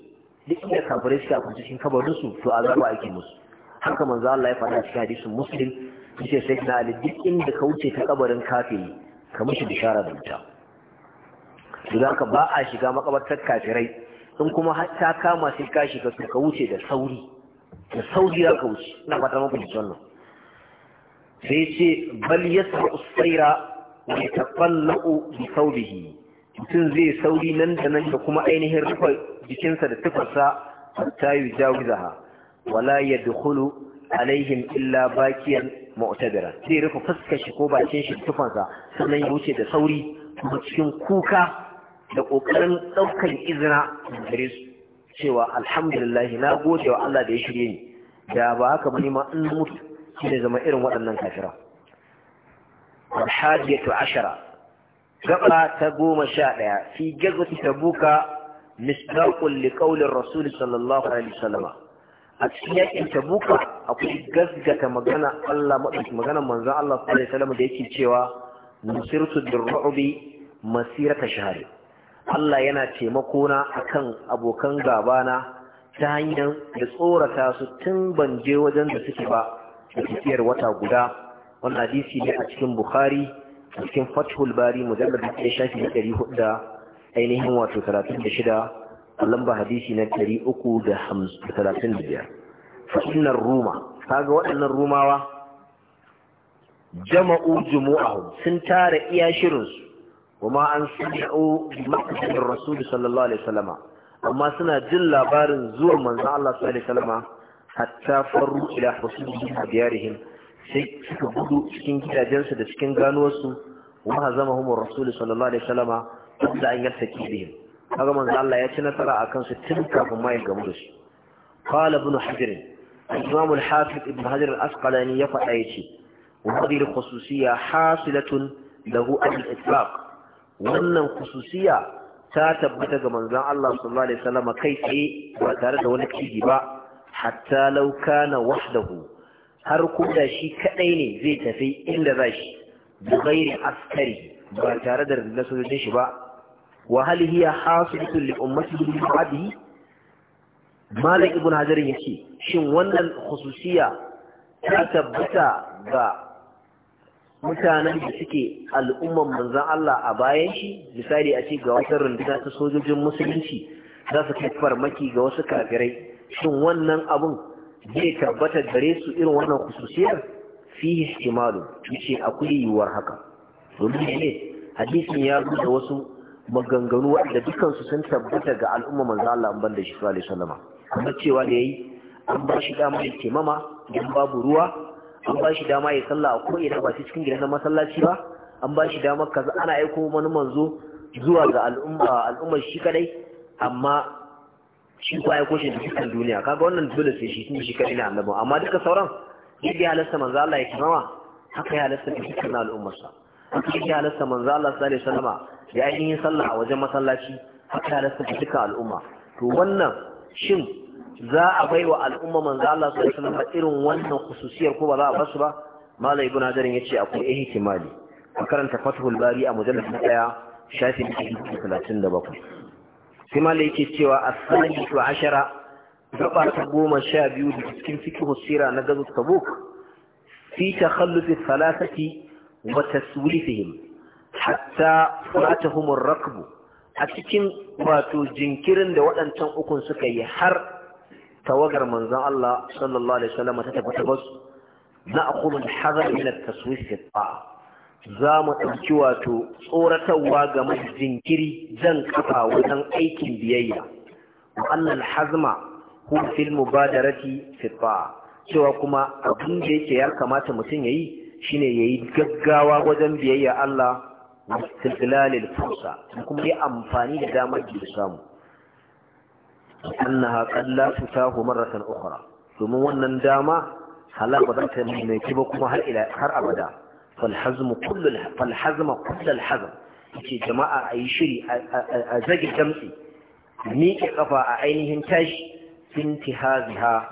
duk inda kafirai suka kunci cikin kabarinsu to azaba ake musu haka manzo Allah ya faɗa cikin hadisin muslim yace sai na ali duk inda ka wuce ta kabarin kafiri ka mishi bishara da wuta to haka ba a shiga makabartar kafirai in kuma har ta kama shi ka ka wuce da sauri da sauri za ka wuce ina fata mafi jikin wannan sai ce bal ya yasa usaira wa da bi yi mutum zai sauri nan da nan da kuma ainihin rufe jikinsa da tufarsa za ha wala dukulu alaihim illa bakiyan mu'tabira zai rufe fuskar shi ko bakin shi tufansa sannan ya wuce da sauri kuma cikin kuka da ƙoƙarin ɗaukar izina gare su cewa alhamdulillah na gode wa Allah da ya shirye ni da ba haka ba ma in mutu shi ne zama irin waɗannan kafira alhajiyatu ashara gaba ta goma sha ɗaya fi gazwati tabuka misdaqul li qawlir rasul sallallahu alaihi wasallam a cikin yakin tabuka akwai gazgata magana Allah madauki magana manzan Allah sallallahu alaihi wasallam da yake cewa nusirtu birrubi masirata shahari Allah yana taimako na akan abokan gabana ta hanyar da tsorata su tun ban je wajen da suke ba da tafiyar wata guda wannan hadisi ne a cikin Bukhari a cikin Fathul Bari mujallad da ya shafi 400 hudu da ainihin wato talatin da shida a lamba hadisi na 335 uku da talatin da biyar. Ruma, kaga waɗannan Rumawa jama'u jumu'ahum sun tara iya shirinsu kuma an sami'u makasirin rasulun sallallahu alaihi salama amma suna jin labarin zuwa manzan Allah sallallahu alaihi salama a cikin rasulun haka manzo Allah ya ci nasara akan su tun kafin mai gamu da shi qala ibn hajar imam al ibn hajar al-asqalani ya fada yace wa hadhihi al-khususiyya hasilatun lahu al-itlaq wannan kususiya ta tabbata ga manzon Allah sallallahu alaihi wasallam kai tsaye ba tare da wani kiji ba hatta lauka kana wahdahu har kuda shi kadai ne zai tafi inda zashi Buhairi ghairi askari ba tare da rundunar sojojin shi ba wa hal hiya hasilatu li ummatihi bi ba'dihi malik ibn hajar yace shin wannan khususiya ta tabbata ga mutanen da suke al'umman manzan Allah a bayan shi misali a ce ga wata runduna ta sojojin musulunci za su kai farmaki ga wasu kafirai shin wannan abun zai tabbata gare su irin wannan kususiyar fi ihtimalu yace akwai yiwuwar haka domin ne hadisin ya da wasu maganganu waɗanda dukansu sun tabbata ga al'umma manzo Allah an banda shi sallallahu alaihi wasallama kamar cewa da ya yi an ba shi dama ya mama, dan babu ruwa an ba shi dama ya sallah ko ina ba cikin gidan masallaci ba an ba shi dama kaza ana aiko wani manzo zuwa ga al'umma al'ummar shi kadai amma shi ko aiko shi da dukkan duniya kaga wannan dole sai shi shi kadai na annabi amma duka sauran yadda ya halasta manzo Allah ya kirawa haka ya halasta da dukkan al'ummar sa haka ya halasta manzo Allah sallallahu alaihi wasallama ya yi sallah a wajen masallaci haka ya halasta da dukkan al'umma to wannan shin za a baiwa al'umma manzo Allah sallallahu alaihi wasallam irin wannan khususiyar ko ba za a basu ba malai ibn hadarin yace akwai ihtimali a karanta fathul bari a mujallad na daya shafi 37 sai malai yake cewa as-sanatu ashara gaba ta goma sha biyu da cikin fiqh sira na gazu tabuk fi takhalluf thalathati wa taswilihim hatta fatahum ar-rakb a cikin wato jinkirin da waɗancan ukun suka yi har tawagar manzon Allah sallallahu alaihi wasallam ta tafi tabas na aqulu hadar min at-taswif fi za mu ɗauki wato tsoratarwa ga da jinkiri zan kafa wajen aikin biyayya annal hazma hu fil mubadarati fi cewa kuma abin da yake ya kamata mutum yayi shine yayi gaggawa wajen biyayya Allah wa istiglalil fursa kuma yi amfani da damar da samu annaha qad la tutahu marratan ukhra domin wannan dama halal ba za ta mai kuma har abada Falhazma, hazmu kullu fal hazma kullu al hazm yace jama'a ayi shiri a zage damtsi miƙe ƙafa a ainihin tashi intihaziha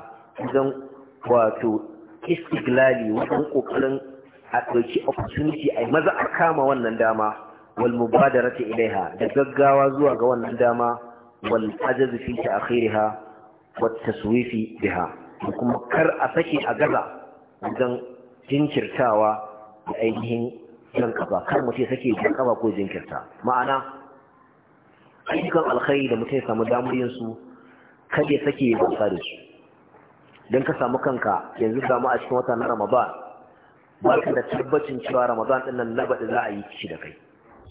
idan wato istiglali wajen kokarin a ɗauki opportunity a maza a kama wannan dama wal mubadarati ilaiha da gaggawa zuwa ga wannan dama والعجز في تأخيرها والتسويف بها وكما كر أسكي أجزا wajen jinkirtawa da ainihin jan kafa kar mutum sake jan kafa ko jinkirta ma'ana ayyukan alkhairi da mutum ya samu damar yin su kada ya sake ya wasa da su don ka samu kanka yanzu samu a cikin wata na ramadan ba ka da tabbacin cewa ramadan din nan na baɗi za a yi shi da kai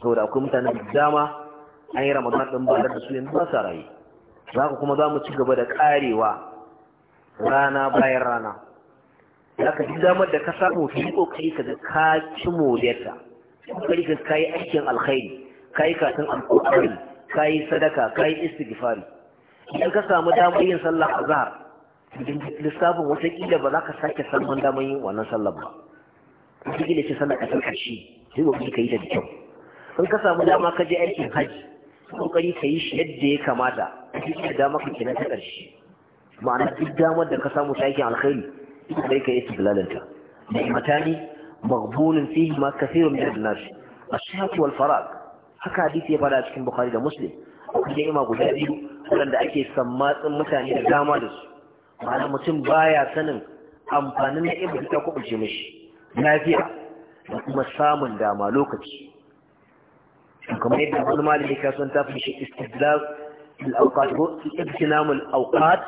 saboda akwai mutanen da dama an yi ramadan ɗin ba da su yanzu ba sa raye za ku kuma za mu ci gaba da ƙarewa rana bayan rana za ka ji damar da ka samu fi ƙoƙari ka ga ka ci moriyarta ƙoƙari ka ka yi aikin alkhairi ka yi katin alƙoƙari ka yi sadaka ka yi istighfari idan ka samu damar yin sallah a zahar lissafin watakila ba za ka sake samun damar yin wannan sallah ba watakila ce sallah ka sarka shi sai ka yi ta da kyau in ka samu dama ka je aikin hajji kokari ka yi shi yadda ya kamata duk da dama ka kina ta ƙarshe ma'ana duk damar da ka samu ta aikin alkhairi sai ka yi istidlalanta ni'matani maghbunun fihi ma kathirun min an-nas ash-shahwat wal farag haka hadisi ya fada cikin bukhari da muslim akwai ni'ima guda biyu wanda ake sammatsin mutane da dama da su ma'ana mutum baya sanin amfanin ni'imar ta kubuce mishi lafiya da kuma samun dama lokaci kamar yadda wani malami ka son tafi shi istidlal al-awqat ko ibtinam al-awqat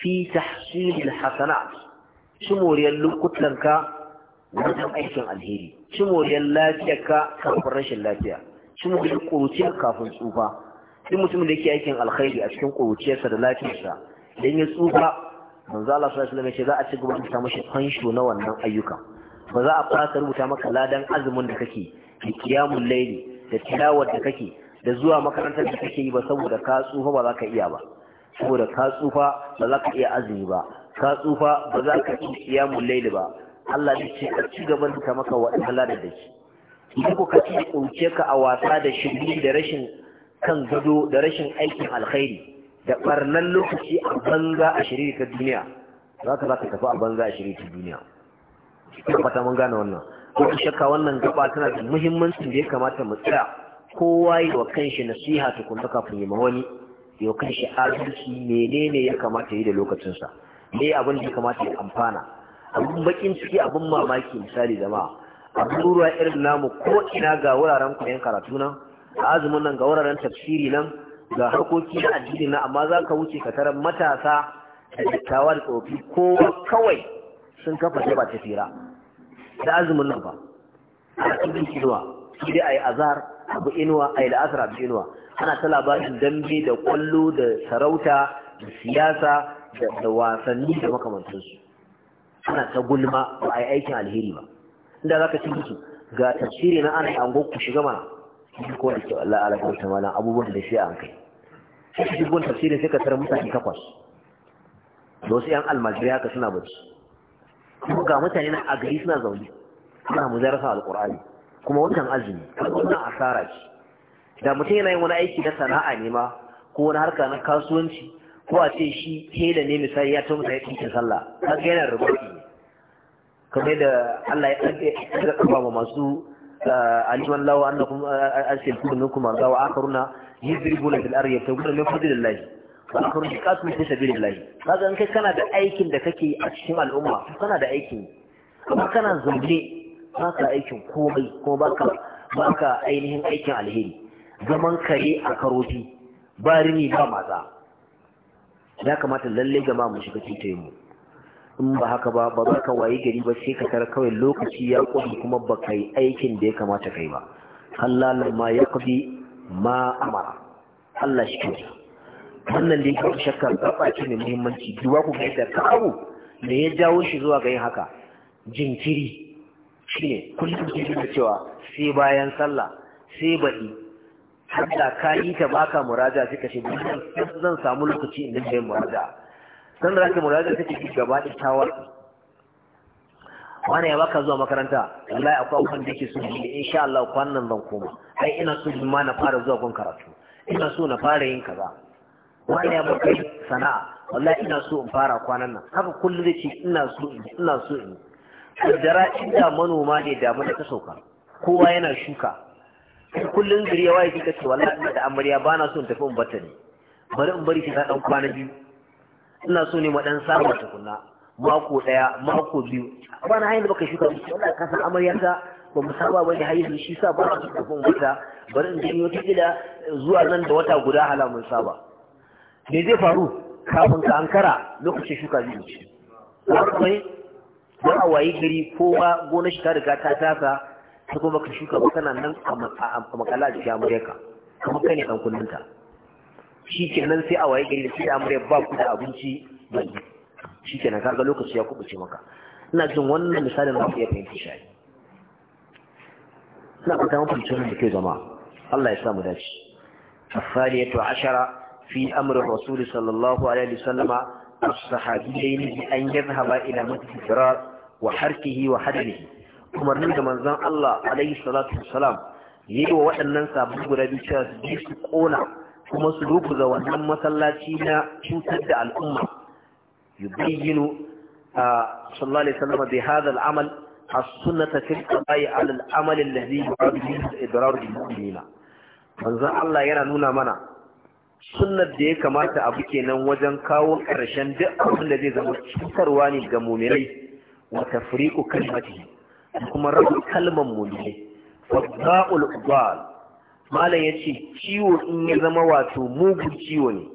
fi tahsil al-hasanat shi moriyar lokutanka wajen aikin alheri shi moriyar lafiyarka kafin rashin lafiya shi moriyar kuruciyar kafin tsufa duk mutumin da yake aikin alkhairi a cikin kuruciyarsa da lafiyarsa idan ya tsufa manzo Allah sallallahu alaihi wasallam za a ci gaba da ta mashi fansho na wannan ayyuka ba za a fasa rubuta maka ladan azumin da kake da kiyamul layli da tilawar da kake da zuwa makarantar da kake yi ba saboda ka tsufa ba za ka iya ba saboda ka tsufa ba za ka iya azumi ba ka tsufa ba za ka iya kiyamun laili ba Allah zai ce ka ci gaban ka maka wa Allah da dake idan ko ka ci dauke ka a wasa da shirbi da rashin kan gado da rashin aikin alkhairi da barnan lokaci a banza a shirika duniya za ka za ka tafi a banza a shirika duniya fata mun gane wannan ko shakka wannan gaba tana da muhimmancin da ya kamata mu tsaya kowa yi wa kanshi nasiha tukunna kafin yi mawani wani yau kan shi adalci menene ya kamata yi da lokacinsa me abin da ya kamata ya amfana abin bakin ciki abin mamaki misali jama'a abin ruwa irin namu ko ina ga wuraren koyon karatu nan a azumin nan ga wuraren tafsiri nan ga harkoki na addini na amma za ka wuce ka tarar matasa da dattawa da tsofi ko kawai sun kafa ba ta tsira da azumin nan ba a cikin inuwa shi dai a azar abu inuwa a yi la'asar abu inuwa ana ta labarin dambe da kwallo da sarauta da siyasa da wasanni da makamantansu ana ta gulma ba a yi aikin alheri ba inda za ka ci su ga tafsiri na ana an ku shiga mana shi ko da ke Allah ala kanta malan abubuwan da shi an kai shi shi gun tafsirin sai ka tara mutane takwas da wasu yan almajiri haka suna bacci kuma ga mutane na a gari suna zaune suna muzarasa Alƙur'ani. kuma watan azumi wannan asara ce da mutum yana yin wani aiki na sana'a ne ma ko wani harka na kasuwanci ko a ce shi hela ne misali ya tausa ya kinkin sallah kaga yana rubuci ne kamar da Allah ya ɗaga kafa ma masu eh, aliman lawa annakum eh, eh, arsil kullu minkum ma zawa akharuna yadribuna fil ardi yabtaguna min fadlillahi wa akhruj qasim fi sabilillah kaga in kai kana da aikin da kake a cikin al'umma kana da aikin kuma kana zumbi ba ka aikin komai ko ba ka ainihin aikin alheri zaman kare a karoti ba rini ba matsa ya kamata lalle gama mu shiga cikin mu in ba haka ba ba za waye gari ba sai ka tar kawai lokaci ya kudi kuma baka yi aikin da ya kamata kai ba Allah ma ya ma amara Allah shi kyauta wannan da ya yake shakka gaba ce mai muhimmanci duwa ku ga yadda kawo da ya jawo shi zuwa ga yin haka jinkiri ne kullum ke da cewa sai bayan sallah sai baɗi har ka yi ta baka muraja sai ka bayan zan samu lokaci in ta yin muraja san da zaka muraja suka ki gaba da tawar wani ya baka zuwa makaranta wallahi akwai abubuwan da yake so in insha Allah kwanan zan koma ai ina so ma na fara zuwa gun karatu ina so na fara yin kaza wani ya mutu sana'a wallahi ina so in fara kwanan nan haka kullum zai ce ina so in ina so in kaddara inda manoma ne da da ta sauka kowa yana shuka kullum zuri ya waye kika ce wallahi ina da amarya ba na so in tafi in bata ne bari in bari ta dan kwana biyu ina so ne ma dan samu tukunna mako daya mako biyu bana hanyar baka shuka ce wallahi ka san amarya ta ba mu saba wani haihu shi sa ba su tafi in bata bari in je wata gida zuwa nan da wata guda hala mun saba me zai faru kafin ka ankara lokacin shuka zai wuce akwai da a wayi gari kowa gonar shi ta riga ta taka ta kuma ka shuka ba kana nan a makala a jikin amurka kuma ka ne dan ta shi kenan sai a waye gari da shi da amurka ba ku da abinci ba shi kenan ga lokaci ya kubuce maka ina jin wannan misalin na iya fahimci shi ina fata mafi cikin da ke zama Allah ya sa mu dace الثانية عشرة في أمر الرسول صلى الله عليه وسلم الصحابيين بأن يذهب إلى مسجد الفرار وحركه وحدله umarnin da manzon Allah alaihi salatu wassalam yayi wa waɗannan sabon guda biyu cewa su ji su kona kuma su rubuta wannan masallaci na cutar da al'umma yubayyinu sallallahu alaihi wasallam bi hadha al'amal as-sunnata fi al-qada'i 'ala al-amal alladhi yu'addu bihi idrar manzon Allah yana nuna mana sunnar da ya kamata abu kenan wajen kawo ƙarshen duk abin da zai zama cutarwa ne ga mumirai wa tafriqu kalmati kuma rabu kalman mumirai fadba'ul ubal malam yace ciwo in ya zama wato mugun ciwo ne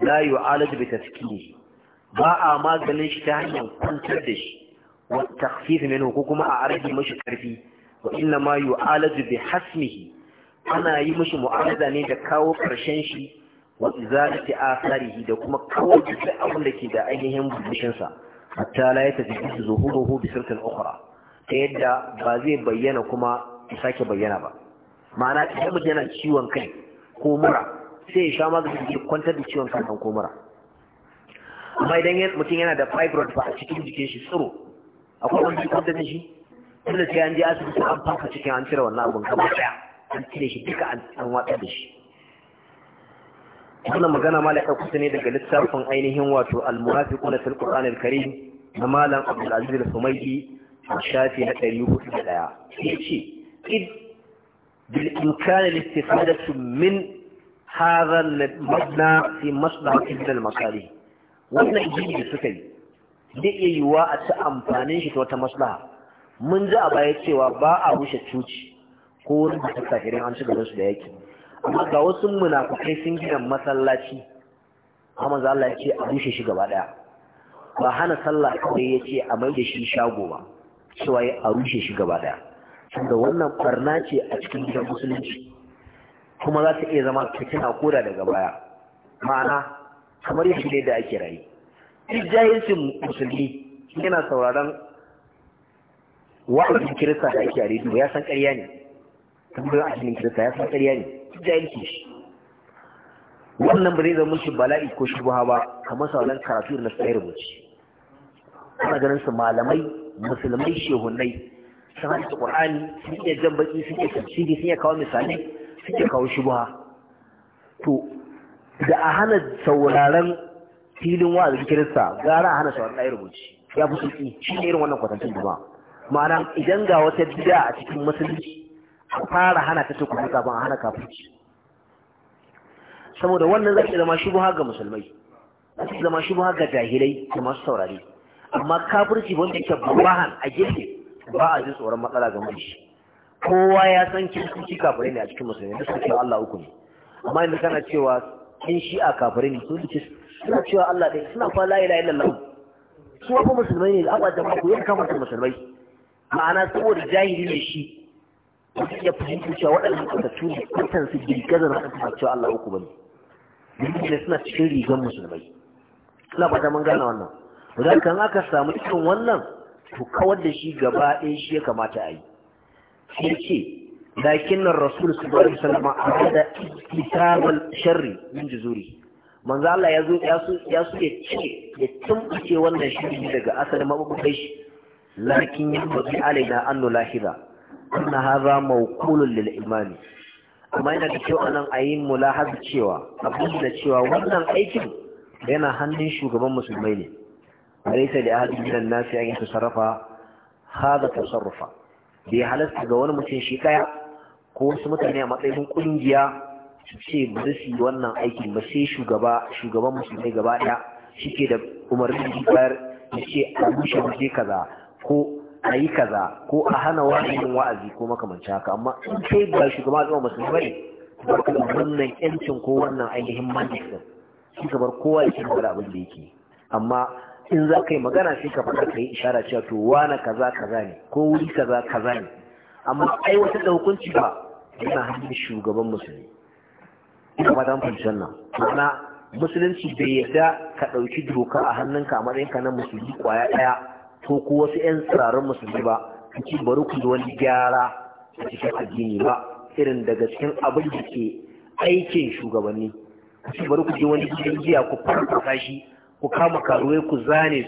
la yu'alaj bi taskini ba a maganin shi ta hanyar kwantar da shi wa takhfif minhu ko kuma a arge mashi karfi wa inna ma yu'alaj bi hasmihi ana yi mashi mu'alaza ne da kawo karshen shi wa izalati atharihi da kuma kawai da abin da ke da ainihin bushin sa hatta la yatafi zuhuruhu bi sirtin ukhra ta yadda ba zai bayyana kuma sake bayyana ba ma'ana idan mutum yana ciwon kai ko mura sai ya sha maganin da kwantar da ciwon kan ko mura amma idan mutum yana da fibroid ba a cikin jikin shi tsiro akwai wani kwantar da shi tunda sai an je asibiti an fanka cikin an cire wannan abin gaba daya an cire shi duka an watsa da shi wannan magana ma da kusa ne daga littafin ainihin wato al-munafiquna fil qur'an al-karim na malam abdul aziz al-sumayyi a shafi na 401 yace id bil imkan al-istifadatu min hadha al-mabna fi maslahati min al makari. wannan jini da suka yi zai iya yiwuwa a ta amfanin shi ta wata maslaha mun ji a baya cewa ba a rushe cuci ko wani da ta kafirin an ci gaban su da yaki ga wasu munafukai sun gina masallaci a za Allah ya ce a rushe shi gaba daya ba hana sallah kawai ya ce a mai da shi shago ba cewa ya a rushe shi gaba daya tunda wannan barna ce a cikin gidan musulunci kuma za ta iya zama fitina koda daga baya ma'ana kamar yadda ne da ake rayu duk jahilcin musulmi yana sauraron wa'azin kirista da ake a rediyo ya san ƙarya ne wannan ba zai zama shi bala'i ko buha ba kamar sauran karatu na sayar rubuci ana ganin su malamai musulmai shehunai, sun haɗa ƙwarani sun iya jan baki sun iya tafsiri sun iya kawo misali sun iya kawo buha to da a hana sauraron filin wa'azin kirista gara a hana sauraron ɗaya rubuci ya fi sauƙi shi ne irin wannan kwatancin jama'a ma'ana idan ga wata bida a cikin musulunci fara hana ta tukuni kafin a hana kafirci saboda wannan zai zama shi buha ga musulmai zai zama shi buha ga jahilai da masu saurare amma kafirci wanda yake babban a gefe ba a jin tsoron matsala ga mai kowa ya san kiristoci kafirai ne a cikin musulmai da suke Allah uku ne amma yanzu kana cewa kin shi kafirai ne sun ce suna cewa Allah ɗaya suna fa la ilaha illallah su wa musulmai ne da abada ku yanka mata musulmai ma'ana saboda jahili ne shi wata iya fahimtar cewa waɗannan ƙasashu ne kantan su girgazar na ƙasa cewa Allah uku bane domin ne suna cikin rigar musulmai suna fata mun gane wannan da kan aka samu irin wannan to kawar da shi gaba ɗaya shi ya kamata a yi sai ce lakin nan rasul sallallahu alaihi wasallam a da kitabal sharri min juzuri manzo Allah ya zo ya so ya so ya ce ya tumbace wannan shiri daga asalin mabubukai shi lakin ya bi alaina annu lahira anna hadha mawqulun lil iman amma ina da kyau nan a yi mulahaz cewa abin da cewa wannan aikin yana hannun shugaban musulmai ne alaysa li ahadin min an-nas an yatasarrafa hadha tasarrufa bi halasta ga wani mutum shi kaya ko wasu mutane a matsayin kungiya su ce ba su wannan aikin ba sai shugaba shugaban musulmai gaba daya shike da umarnin bayar ya ce a bushe kaza ko a yi kaza ko a hana wani yin wa'azi ko makamanci haka amma in kai ba shugaba al'umma musulmi bane ba ka da wannan yancin ko wannan ainihin mandate din shi ka bar kowa ya da abin da yake amma in za ka yi magana sai ka faɗa ka yi ishara cewa to wana kaza kaza ne ko wuri kaza kaza ne amma aiwatar da hukunci ba yana hannun shugaban musulmi ina fata mun fahimci nan. ma'ana musulunci bai yarda ka ɗauki doka a hannunka a matsayinka na musulmi kwaya ɗaya ko ko wasu 'yan tsirarin musulmi ba ci bari ku wani gyara a cikin addini ba irin daga cikin abin da ke aikin shugabanni ci bari ku je wani gidan jiya ku farfasa shi ku kama karuwai ku zane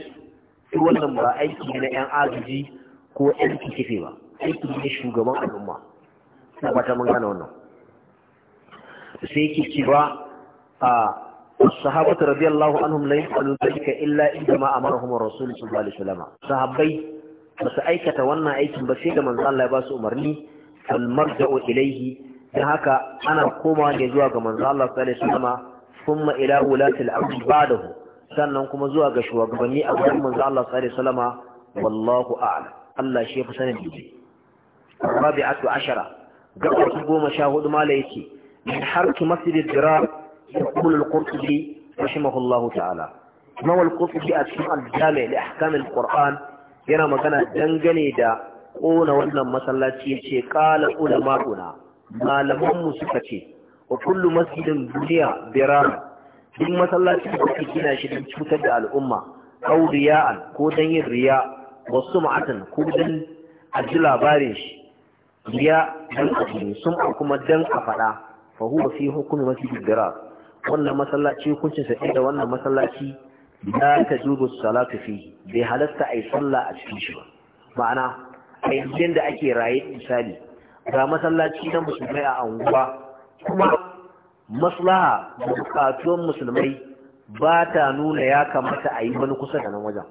su wannan ba aiki na 'yan azuji ko 'yan kifi ba aiki ne shugaban al'umma na ta mun gane wannan sai yake cewa a Sahabatu radiyallahu anhum lai alubarika illa inda ma amara kuma rasul sallallahu alaihi wasallam sahabbai ba su aikata wannan aikin ba sai da manzo Allah ba su umarni fal marja'u ilayhi dan haka ana koma ne zuwa ga manzo Allah sallallahu alaihi wasallam kuma ila ulatil amri ba'dahu sannan kuma zuwa ga shugabanni a gaban manzo Allah sallallahu alaihi wasallam wallahu a'lam Allah shi fa sanin dubi rabi'atu ashara ga 14 ma la yake min harki masjidil dirar يقول القرطبي رحمه الله تعالى ما هو القرطبي أسمع الجامع لأحكام القرآن يرى مكان دنجني دا قونا وانا مسلاتي قال علماؤنا ما لم مسكتي وكل مسجد دنيا برارا duk masallaci da kake gina shi don cutar da al'umma au riya'an ko dan yin riya wasu ma'atan ko don a labarin shi riya don a kuma dan a faɗa fa wannan masallaci hukuncin sa inda wannan masallaci la ta jubu salatu fi bai halatta ayi salla sallah a cikin shi ba ma'ana a yanzu da ake raye misali ga masallaci na musulmai a anguwa kuma maslaha da bukatuwan musulmai ba ta nuna ya kamata a yi wani kusa da nan wajen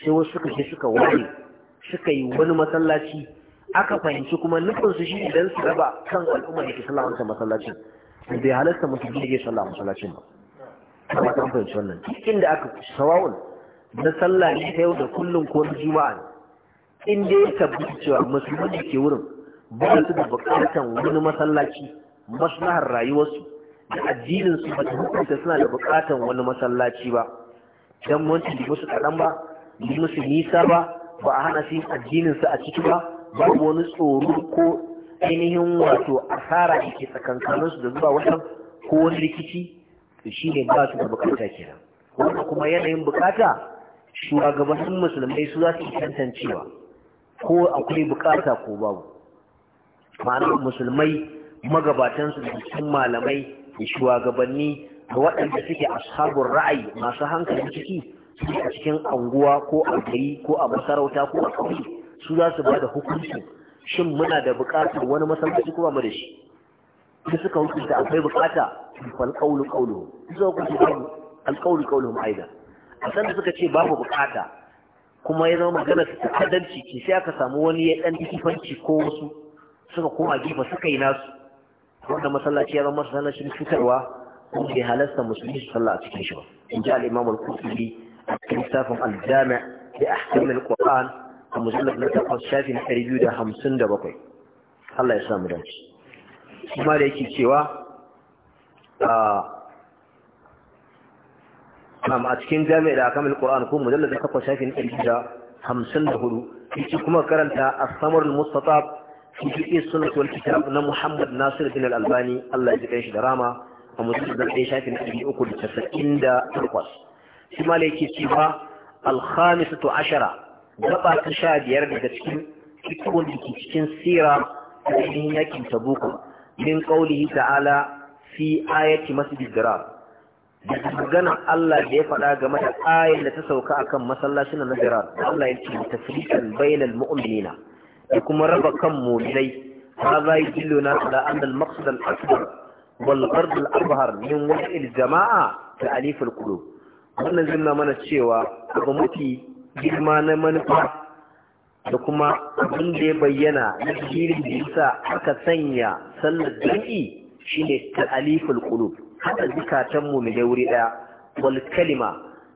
sai wasu suka je suka ware suka yi wani masallaci aka fahimci kuma nufinsu shi idan su raba kan al'umma da ke sallar wancan masallacin ya halarta mutum da ke sallah masallacin ba a an fahimci wannan cikin da aka sawawun na sallah ne ta yau da kullum ko na juma'a ne in dai ya tabbata cewa musulman da ke wurin ba su da bukatan wani masallaci maslahar rayuwarsu da addinin su ba hukunta suna da bukatan wani masallaci ba dan wancan da musu kaɗan ba bi musu nisa ba ba a hana su addinin su a ciki ba babu wani tsoro ko ainihin wato asara da ke tsakankaninsu da zuwa wata ko wani rikici to shi ne ba su da bukata kenan wanda kuma yanayin bukata shugabannin musulmai su za su tantancewa ko akwai bukata ko babu ma'ana musulmai magabatansu da cikin malamai da shugabanni da waɗanda suke ashabun ra'ayi masu hankali ciki a cikin anguwa ko a gari ko a masarauta ko a ƙauye su za su ba da hukuncin shin muna da buƙatar wani masallaci kuma mu da shi in suka hukunta akwai buƙata fal qawlu qawluhum in suka hukunta al qawlu qawluhum aidan a san da suka ce babu buƙata kuma ya zama magana ta adalci ce sai aka samu wani ya dan kifanci ko wasu suka koma gifa suka yi nasu wanda masallaci ya zama masallacin fitarwa kuma bai halasta musulmi su sallah a cikin shi ba in ji al-imam al-qurtubi a cikin al-jami' bi ahkam al-qur'an a mujallar na takwas shafin ɗari biyu da hamsin da bakwai Allah ya samu dace kuma da yake cewa a cikin jami'a da akamil Qur'an ko mujallar na takwas shafi na ɗari biyu da hamsin da hudu kuma karanta asamar mustatab Mustapha, fiƙi sunnat kitab na Muhammad Nasir bin Al-Albani Allah ya ji kai da rama a mujallar na ɗaya shafi na ɗari uku da casa'in da takwas shi ma da yake cewa الخامسة عشرة gaba ta sha biyar daga cikin fitowar da ke cikin sira da cikin yakin tabuku min qaulihi ta'ala fi ayati masjid dirar da maganar Allah da ya faɗa game da ayin da ta sauka akan masallacin na dirar Allah ya ce tafriqan bainal mu'minina da kuma raba kan mu'minai هذا يدلنا على أن المقصد da والغرض min wani وجه الجماعة تأليف القلوب wannan zai mana cewa abu mafi girma na manufa da kuma abin da ya bayyana na shirin da yasa aka sanya sallar jam'i shine ta'aliful qulub Haɗa zikatan mu'minai wuri ɗaya, wal kalima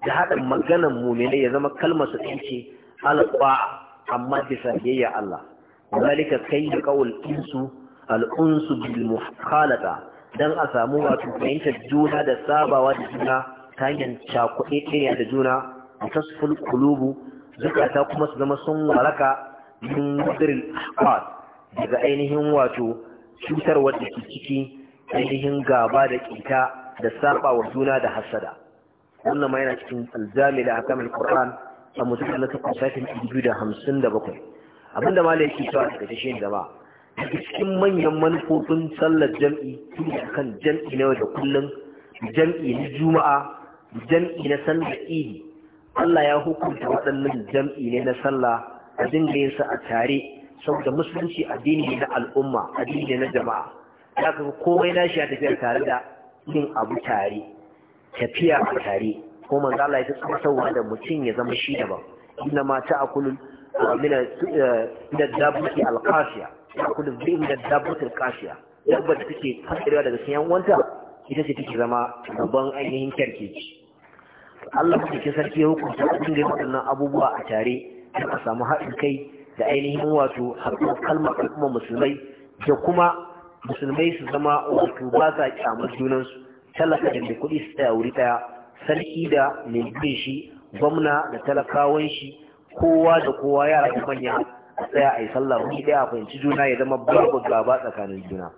da haɗa maganan mu'minai ya zama kalmar su tsince alqa amma bisa yayya Allah zalika kai da qaul insu al'unsu bil muhalata dan a samu wato fahimtar juna da sabawa da juna ta hanyar cakuɗe ɗaya da juna tasful qulubu zakata kuma su zama sun waraka min mudril ahqad daga ainihin wato cutar wadda ke ciki ainihin gaba da kita da saba wa juna da hasada wannan ma yana cikin alzami da akamul qur'an a mutum na takwas sakin dubu da hamsin da bakwai abinda ma yake cewa daga cikin shi daga cikin manyan manufofin sallar jam'i tun da kan jam'i na yau da kullum jam'i na juma'a jam'i na sallar idi Allah ya hukunta waɗannan jam'i ne na sallah a dinga yin sa a tare saboda musulunci addini ne na al'umma addini ne na jama'a ya kafa komai na shi a tafiya tare da yin abu tare tafiya a tare ko manzo Allah ya sauwa da mutum ya zama shi daban inna ma ta'kulu uh, min uh, min dabbati al ta'kulu dabbati al dabbar da take fasirewa daga sayan wanta ita ce take zama gaban ainihin kyarkeci Allah mu ke sarki ya hukunta abin da waɗannan abubuwa a tare don a samu haɗin kai da ainihin wato haɗin kalmar al'umma musulmai da kuma musulmai su zama wato ba sa junan junansu talaka da mai kuɗi su tsaya wuri ɗaya sarki da mai bin shi gwamna da talakawan shi kowa da kowa yara da manya a tsaya a yi sallah wuri ɗaya a fahimci juna ya zama babu gaba tsakanin juna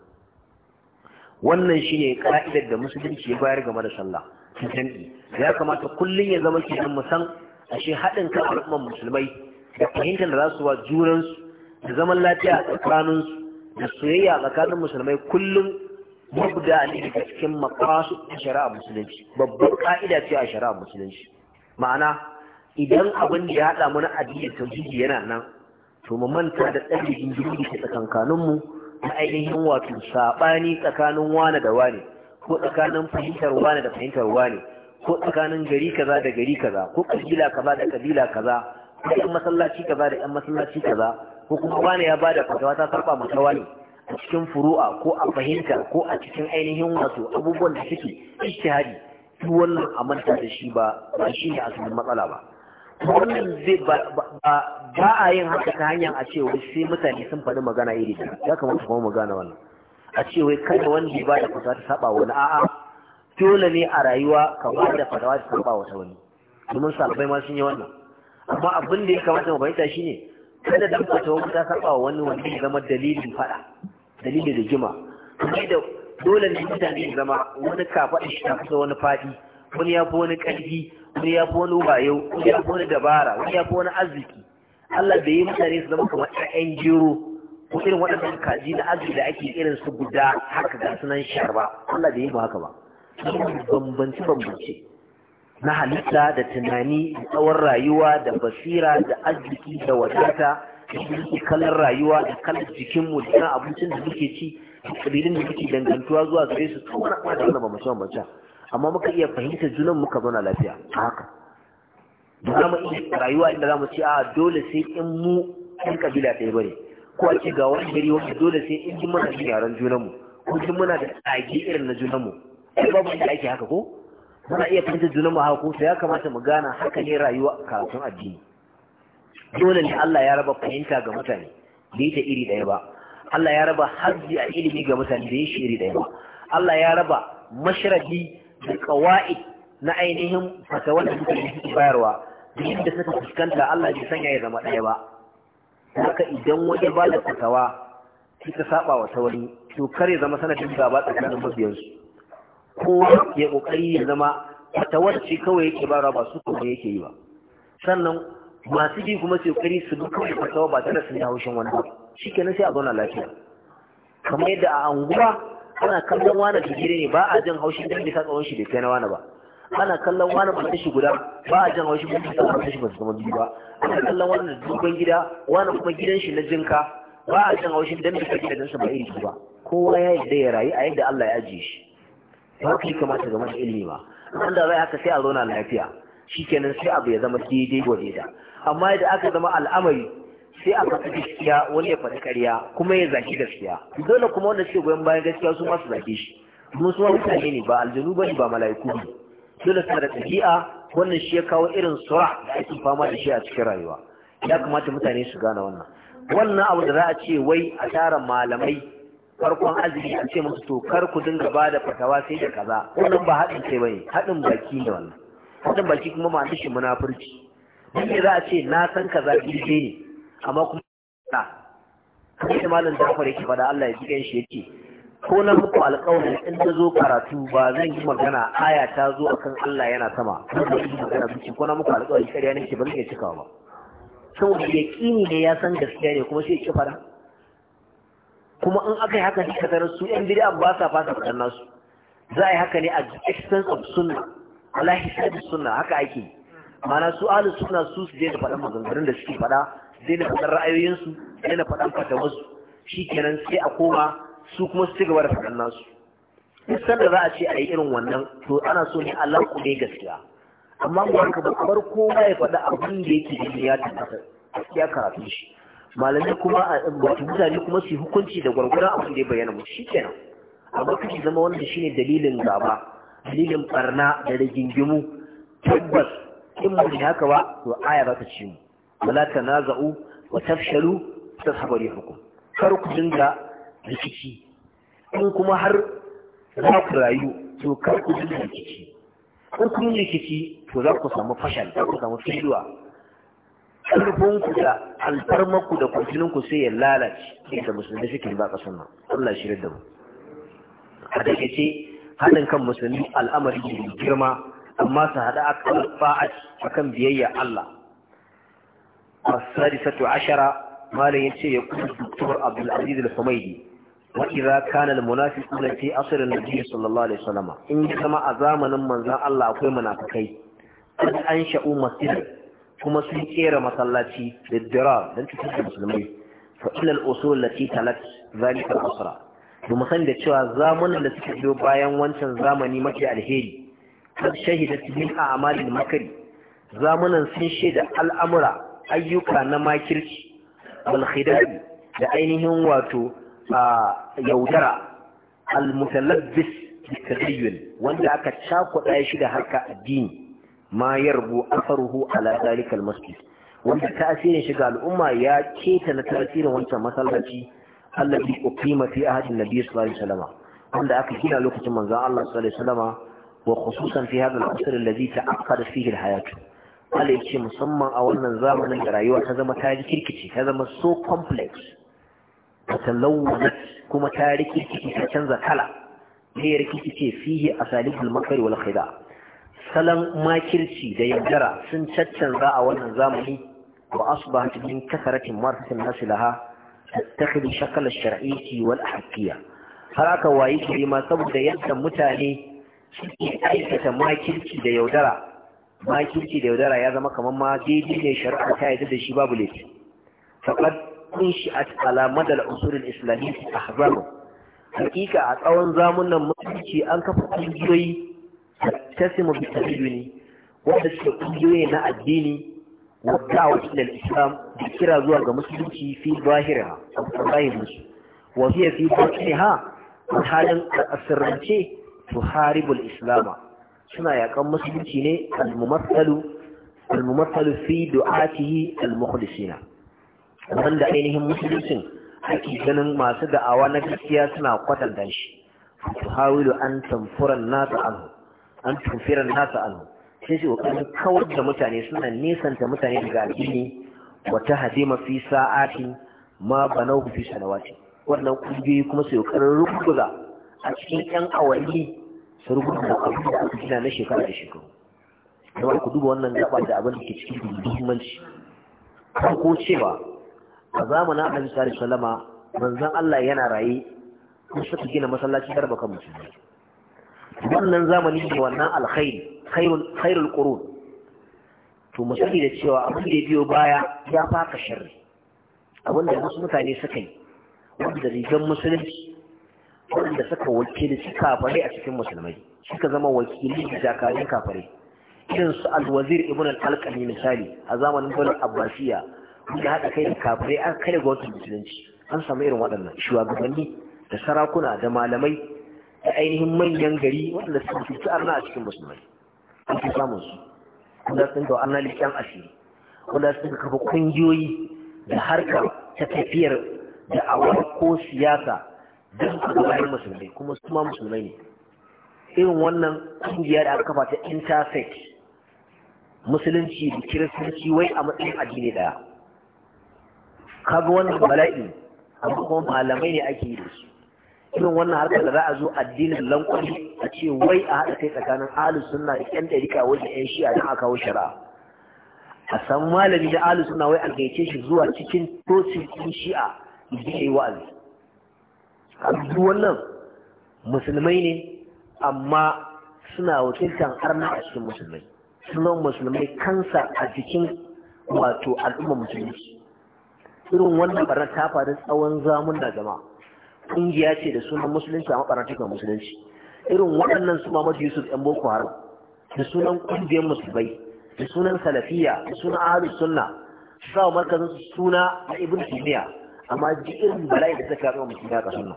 wannan shine ƙa'idar da musulunci ya bayar game da sallah ta jam'i ya kamata kullum ya zama kenan mu san ashe haɗin kan al'ummar musulmai da fahimtar da za su wa junansu da zaman lafiya a tsakaninsu da soyayya a tsakanin musulmai kullum da ne ga cikin makwasu a shari'a musulunci babbar ka'ida ce a shari'a musulunci ma'ana idan abin da ya haɗa mana ta jiji yana nan to mu manta da ɗalibin jirgi ke tsakankaninmu na ainihin wato saɓani tsakanin wane da wane ko tsakanin fahimtar wane da fahimtar wane ko tsakanin gari kaza da gari kaza ko kabila kaza da kabila kaza ko yan masallaci kaza da yan masallaci kaza ko kuma wani ya bada fatawa ta sarfa matawa ne a cikin furu'a ko a fahimta ko a cikin ainihin wato abubuwan da suke ijtihadi duk wannan a manta da shi ba ba shi ne asalin matsala ba wannan zai ba a yin haka ta hanyar a ce wai sai mutane sun faɗi magana iri ya kamata kuma magana wannan a ce wai kada wanda ba bada fatawa ta saba wani a'a dole ne a rayuwa ka ba da fatawa ta ba wata wani domin sabai ma sun yi wannan amma abin da ya kamata mu bayyana shine kada dan fatawa ta saba wa wani wanda ya zama dalilin fada dalilin da jima kai da dole ne mutane ya zama wani kafaɗa shi ta fita wani faɗi wani ya fi wani ƙarfi wani ya fi wani wayo wani ya fi wani dabara wani ya fi wani arziki Allah bai yi mutane su zama kamar ƴaƴan jero ko irin waɗannan kaji na arziki da ake irin su guda haka ga sunan sharba Allah bai yi ba haka ba bambance-bambance na halitta da tunani da tsawon rayuwa da basira da arziki da wadata da muke kalar rayuwa da kalar jikinmu da kan abincin da muke ci da tsibirin da muke dangantuwa zuwa gare su tsawon rayuwa da wannan bambance bambance amma muka iya fahimtar junan muka zauna lafiya a haka da za mu iya rayuwa inda za mu ce a dole sai in mu ɗan kabila ɗaya bane ko a ce ga wani gari wanda dole sai in ji mana yaran junanmu ko ji muna da tsage irin na junanmu ai babu inda ake haka ko muna iya fahimtar junan mu haka ko ya kamata mu gana haka ne rayuwa karatun addini dole ne Allah ya raba fahimta ga mutane da ita iri ɗaya ba Allah ya raba hajji a ilimi ga mutane da shi iri ɗaya ba Allah ya raba mashradi da qawaid na ainihin fatawar da suke bayarwa Duk da suka fuskanta Allah bai sanya ya zama ɗaya ba haka idan wani ba da fatawa suka saba wa sauri to kare zama sanadin gaba tsakanin mabiyansu kowa ya kokari ya zama fatawarci kawai yake bara ba su kuma yake yi ba sannan masu bi kuma su kokari su bi kawai fatawa ba tare sun yi haushin wani ba shikenan sai a zauna lafiya kamar yadda a anguwa ana kallon wani digiri ne ba a jan haushi dan bisa tsawon shi bai kai na wani ba ana kallon wani ba shi guda ba a jan haushi ba ta ba shi ba su zama biyu ba ana kallon wani da dubban gida wani kuma gidan shi na jinka ba a jan haushi dan bisa gidan sa ba iri ba kowa ya da ya rayu a yadda Allah ya ajiye shi ba ka yi kamata game da ilimi ba wanda zai haka sai a zauna lafiya shikenan sai abu ya zama daidai gobe da amma da aka zama al'amari sai a faɗi gaskiya wani ya faɗi ƙarya kuma ya zaki gaskiya dole kuma wanda suke goyon bayan gaskiya su masu zaki shi kuma su mutane ne ba aljanu ba ne ba mala'iku ne dole suna da ɗabi'a wannan shi ya kawo irin sura da ake fama da shi a cikin rayuwa ya kamata mutane su gane wannan wannan abu da za a ce wai a tara malamai farkon azumi a ce musu to kar ku dinga ba da fatawa sai da kaza wannan ba haɗin kai bane haɗin baki ne wannan haɗin baki kuma ma shi munafurci duk za a ce na san kaza kirje ne amma kuma kai da malam Jafar yake faɗa Allah ya ji gan shi yake ko na muku alƙawarin in ta zo karatu ba zan yi magana aya ta zo akan Allah yana sama ko yi magana na muku alƙawarin kariya nake ba zan iya cikawa ba saboda yaƙini ne ya san gaskiya ne kuma sai ya ci fara kuma in aka yi haka ne kasar su yan bid'an ba sa fasa fitar nasu za a yi haka ne a distance of sunna ala hisabi sunna haka ake mana su ahlus sunna su su daina faɗan maganganun da suke faɗa daina faɗan ra'ayoyinsu daina faɗan shi kenan sai a koma su kuma su ci gaba da fadan nasu duk sanda za a ce a yi irin wannan to ana so ne Allah ku ne gaskiya amma ba ka bar kowa ya faɗa abin da yake da ya tabbata ya karatu shi malamai kuma a mutane kuma su hukunci da gwargwadon abin da ya bayyana shi shikenan amma kashi zama wanda shine dalilin gaba dalilin barna da rigingimu tabbas in ba shi haka ba to aya za ta ci mu wala tanaza'u wa tafshalu tashabu rihukum kar ku dinga rikici in kuma har za ku rayu to kar ku dinga rikici in kun rikici to za ku samu fashal za ku samu filuwa ƙarfinku da alfarmarku da kwantininku sai ya lalace da musulmi suke ba ƙasar nan Allah shi da mu a da ce haɗin kan musulmi al'amari ne girma amma su haɗa a kan fa'ad a kan biyayya Allah السادسة عشرة ما لا ينسي يقول الدكتور عبد العزيز الحميدي وإذا كان المنافقون في أصل النبي صلى الله عليه وسلم إن كما أزامنا من ذا الله أقوى منافقين an sha'u مسجدا kuma sun kera masallaci da dirar don cutar da musulmai fa ilal usul lati talat zalika al-asra mu san da cewa zamanin da suka biyo bayan wancan zamani mafi alheri kad shahidat min a'malil makari, zamanan sun shaida al'amura ayyuka na makirci wal da ainihin wato yaudara al-mutalabbis bi wanda aka cakuɗa shi da harka addini ma yarbu asaruhu ala dalika almasjid wanda tasirin shiga al'umma ya keta na tasirin wancan masallaci allazi uqima fi ahadin nabiy sallallahu alaihi wasallam wanda aka gina lokacin manzon Allah sallallahu alaihi wasallam wa khususan fi hadha al-asr alladhi ta'aqqada fihi al-hayat Allah yake musamman a wannan zamanin da rayuwa ta zama ta kirkici ta zama so complex ta talawwanat kuma ta rikirkici ta canza kala ne rikici ce fihi asalibul makr wal khida' salon makirci da yaudara sun caccanza a wannan zamani wa asbahat cikin kasaratin martin nasu laha tattakhidhu shakal ash-shar'iyyati wal ahqiyya har aka wayi gari ma saboda yadda mutane suke aikata makirci da yaudara makirci da yaudara ya zama kamar ma daidai ne shari'a ta yadda da shi babu laifi faqad kunshi'at ala madal usul al a ahzabu hakika a tsawon zamunan mutunci an kafa ƙungiyoyi. tattasimu bi tabiyyuni wanda suke kungiyoyi na addini wa da'wa ila islam da kira zuwa ga musulunci fi zahiriha a zahirin su wa hiya fi batiniha a halin asirrance tuharibul islama suna yaƙan musulunci ne al-mumassalu al-mumassalu fi du'atihi al-mukhlisina wanda ainihin musuluncin ake ganin masu da'awa na gaskiya suna kwatanta shi tuhawilu an tamfuran nasu anhu an tunfira nasa anhu sai shi kokarin kawar da mutane suna nisanta mutane daga addini wa ta hadima fi sa'ati ma banau fi salawati wannan kungiyoyi kuma su kokarin rubuza a cikin yan awanni su rubuta abin da aka gina na shekara da shekaru kuma ku duba wannan gaba da abin da ke cikin muhimmanci ko cewa a zamanin annabi sallallahu alaihi wasallama manzon Allah yana raye kun suka gina masallaci darba kan musulmi wannan zamani da wannan alkhairi khairul qurun to musali da cewa abin da biyo baya ya faka sharri abin da wasu mutane suka yi wanda rigan musulunci wanda suka wakilci kafare a cikin musulmai suka zama wakili da zakarin kafare. irin su alwazir ibn al-alqami misali a zamanin dole abbasiya wanda haɗa kai kafare aka an kare gwamnatin musulunci an samu irin waɗannan shugabanni da sarakuna da malamai da ainihin manyan gari wadanda suka cuci arna a cikin musulmai an fi samun su wanda sun ga arna liƙen asiri wanda suka kafa kungiyoyi da harkar ta tafiyar da awar ko siyasa don su ga musulmai kuma su ma musulmai ne irin wannan ƙungiya da aka kafa ta intersex musulunci da kiristanci wai a matsayin addini ɗaya kaga wannan bala'i amma kuma malamai ne ake yi da su irin wannan harkar da za a zo addinin lankwani a ce wai a haɗa kai tsakanin ahlus sunna da ƴan ɗarika wajen ƴan shi'a don a kawo shari'a a san malami da ahlus sunna wai a gaice shi zuwa cikin tosin ɗin shi'a da ya yi wa'azi duk wannan musulmai ne amma suna wakiltar arna a cikin musulmai sunan musulmai kansa a cikin wato al'umma musulmi irin wannan barna ta faru tsawon zamun da jama'a kungiya ce da sunan musulunci a makarantun musulunci irin waɗannan su mafi Yusuf ɗan Boko Haram da sunan kungiyar musulmai da sunan salafiya da sunan ahalus sunna sa markazin suna a ibn kimiyya amma ji irin bala'i da suka zama mutum ya ƙasar nan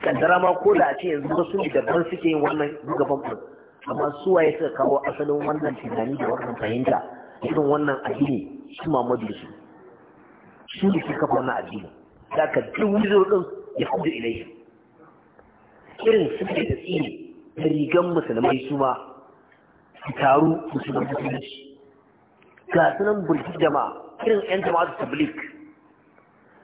kaddara ma ko da a ce yanzu wasu daban suke yin wannan gaban mu amma su waye suka kawo asalin wannan tunani da wannan fahimta irin wannan addini su mafi Yusuf su ne suka kafa wannan addini za ka duk ɗin ya kudu ilai irin suke da tsini da rigan musulmai su ma su taru musulman musulunci ga sunan burki jama'a irin 'yan jama'a su tablik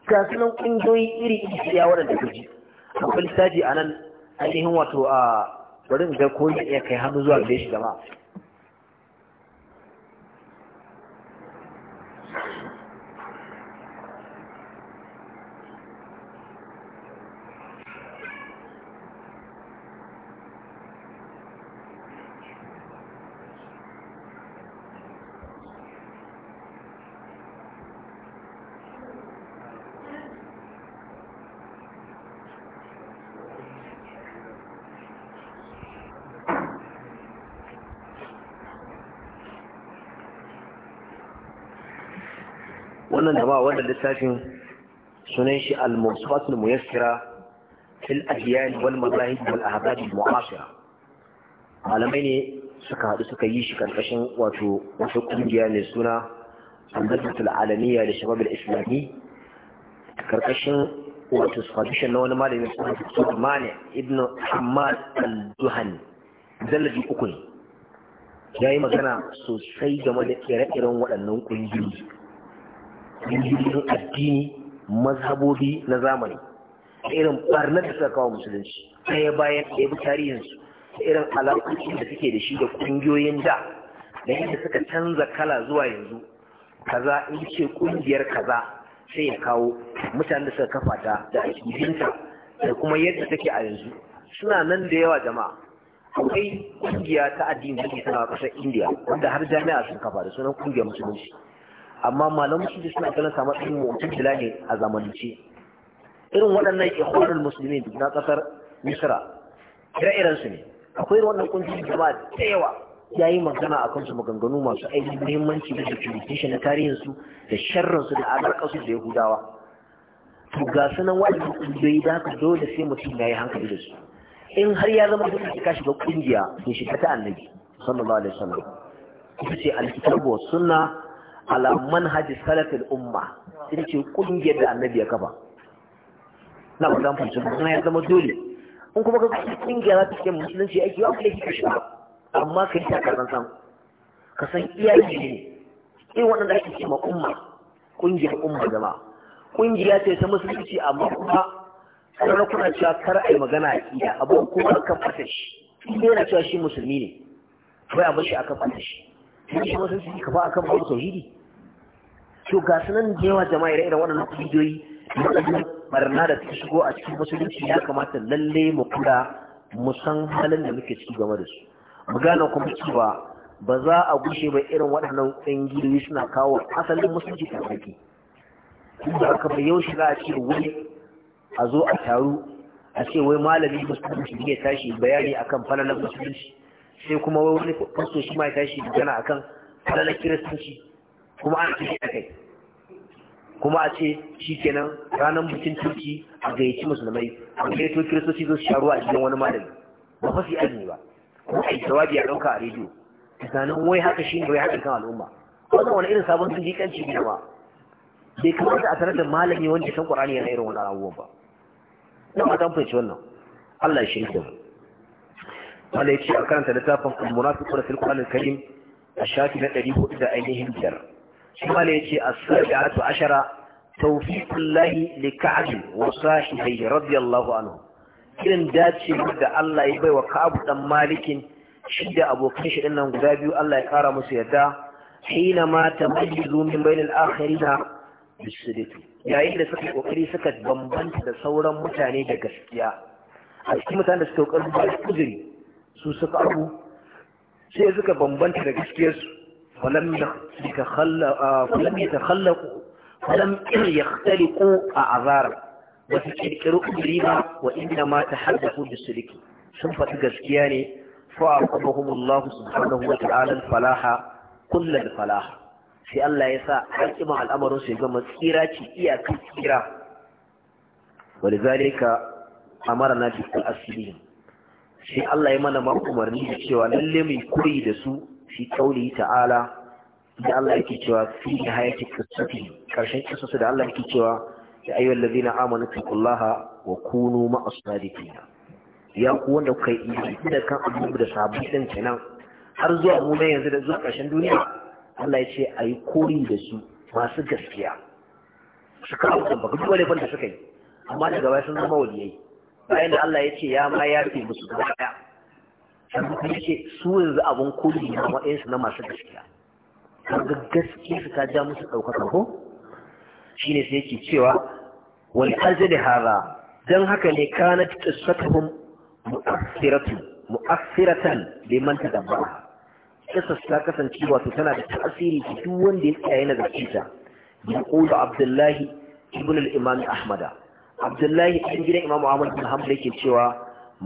ga sunan ƙungiyoyi iri iri su yawon da kuji akwai lissafi a nan ainihin wato a bari in ga ya kai hannu zuwa gare shi jama'a wannan jama'a wannan littafin sunan shi al-mawsuat al-muyassira fil ahyan wal mazahib wal ahbab al-mu'asira malamai ne suka haɗu suka yi shi karkashin wato wata kungiya mai suna al-dawlatul alamiyya da shabab al-islami karkashin wato tradition na wani malamin suna Dr. Mani ibn Hamad al-Duhani uku ne ya yi magana sosai game da ire-iren waɗannan ƙungiyoyi ƙungiyoyin addini mazhabobi na zamani irin barnar da suka kawo musulunci ɗaya bayan ɗaya bi tarihinsu da irin alaƙoƙi da suke da shi da ƙungiyoyin da da yadda suka canza kala zuwa yanzu kaza in ce ƙungiyar kaza sai ya kawo mutanen da suka kafa ta da akidinta da kuma yadda take a yanzu suna nan da yawa jama'a akwai ƙungiya ta addini da ke sanawa ƙasar indiya wanda har jami'a sun kafa da sunan ƙungiyar musulunci amma malamu shi suna ganin sa matsayin mu'tazila ne a zamanance irin waɗannan ikhwanul muslimin na ƙasar misra ira iren ne akwai wannan kungiyoyi jama'a da yawa ya yi magana a kansu maganganu masu aiki muhimmanci da documentation na tarihinsu da sharrinsu da alaƙarsu da yahudawa to ga sunan waɗannan kungiyoyi da haka dole sai mutum ya yi hankali da su in har ya zama dole ka shiga kungiya to shiga ta annabi sallallahu alaihi wasallam ita ce alkitabu wa sunna ala manhaji salatul umma ita ce kungiyar da annabi ya kafa na ba zan fahimci kuma ya zama dole in kuma ka kungiya za ta ce musulunci aiki ba kuma ka shiga amma ka yi ta karɓar san ka san iyaye ne irin waɗanda ake ce ma umma kungiyar umma jama'a kungiya ce ta musulunci amma kuma sannan kuna cewa kar a yi magana a iya abu kuma ka fata shi sai yana cewa shi musulmi ne kawai a bashi aka fata shi shi wasu su kafa akan babu tauhidi to ga da irin waɗannan kungiyoyi waɗannan barna da suka shigo a cikin musulunci ya kamata lalle mu kula mu san halin da muke ciki game da su mu gane kuma cewa ba za a gushe ba irin waɗannan ƙungiyoyi suna kawo asalin musulunci ta sarki inda aka bai yau shiga a ce wani a zo a taru a ce wai malami musulunci ne tashi bayani akan falalar musulunci sai kuma wani fasto shi ma ya tashi magana akan falala kiristanci kuma an tashi a kai kuma a ce shi kenan ranar bikin turki a gayyaci musulmai a gayyato kiristoci zo su sha ruwa a cikin wani malami ba fa su azumi ba ko a yi jawabi a ɗauka a rediyo tunanin wai haka shi ne wai haka kan al'umma wannan wani irin sabon sun jikanci ne ma bai kamata a sanar da malami wanda san qur'ani yana irin wannan abubuwan ba na matan fahimci wannan Allah ya shirya mu wanda ya ce a karanta littafin al-munafiquna fil qur'an karim a shafi na hudu da ainihin biyar shi ma ya ce as-sa'atu ashara tawfiqullahi li ka'b wa sahibihi radiyallahu anhu irin dace da Allah ya baiwa kabu dan Malikin shi da abokan shi dinnan guda biyu Allah ya kara musu yadda hina ma tamayyizu min bainal akhirina bisidatu yayin da suka kokari suka bambanta da sauran mutane da gaskiya a cikin mutanen da suka kokari ba uzuri su suka abu sai suka bambanta da gaskiyarsu falam yatakhallaku falam yakhtaliqu a azara ba su kirkiri umri ba wa inda ma ta haddafu da sulki sun faɗi gaskiya ne fa aqabahum Allah subhanahu wa ta'ala falaha kullal falaha sai Allah ya sa hakima al'amarin su ya gama tsira ce iyakar tsira ولذلك أمرنا بتأسيهم sai Allah ya mana umarni da cewa lalle mai kuri da su fi kauli ta'ala da Allah yake cewa fi hayati qissati karshen kissasu da Allah yake cewa ya ayyuhal ladina amanu taqullaha wa kunu ma'as sadiqin ya ku wanda kuka yi imani da kan abu da sabbin kenan har zuwa mu ne yanzu da zuwa karshen duniya Allah ya ce ayi koyi da su masu gaskiya suka abu da baka wani da suka yi amma daga baya sun zama waliyai bayan da Allah ya ce ya ma ya fi musu gaba ɗaya sannan kuma ce su yanzu abun kuli na waɗansu na masu gaskiya ga gaskiya su ta ja musu ɗaukaka ko ne sai yake cewa wani wal da hara don haka ne na qissatuhum mu'assiratu mu'assiratan liman tadabbara kisa ta kasance wato tana da tasiri ga duk wanda ya tsaye na gaskiya ya abdullahi ibn al-imam ahmada abdullahi ɗan gidan imam ahmad bin hanbal yake cewa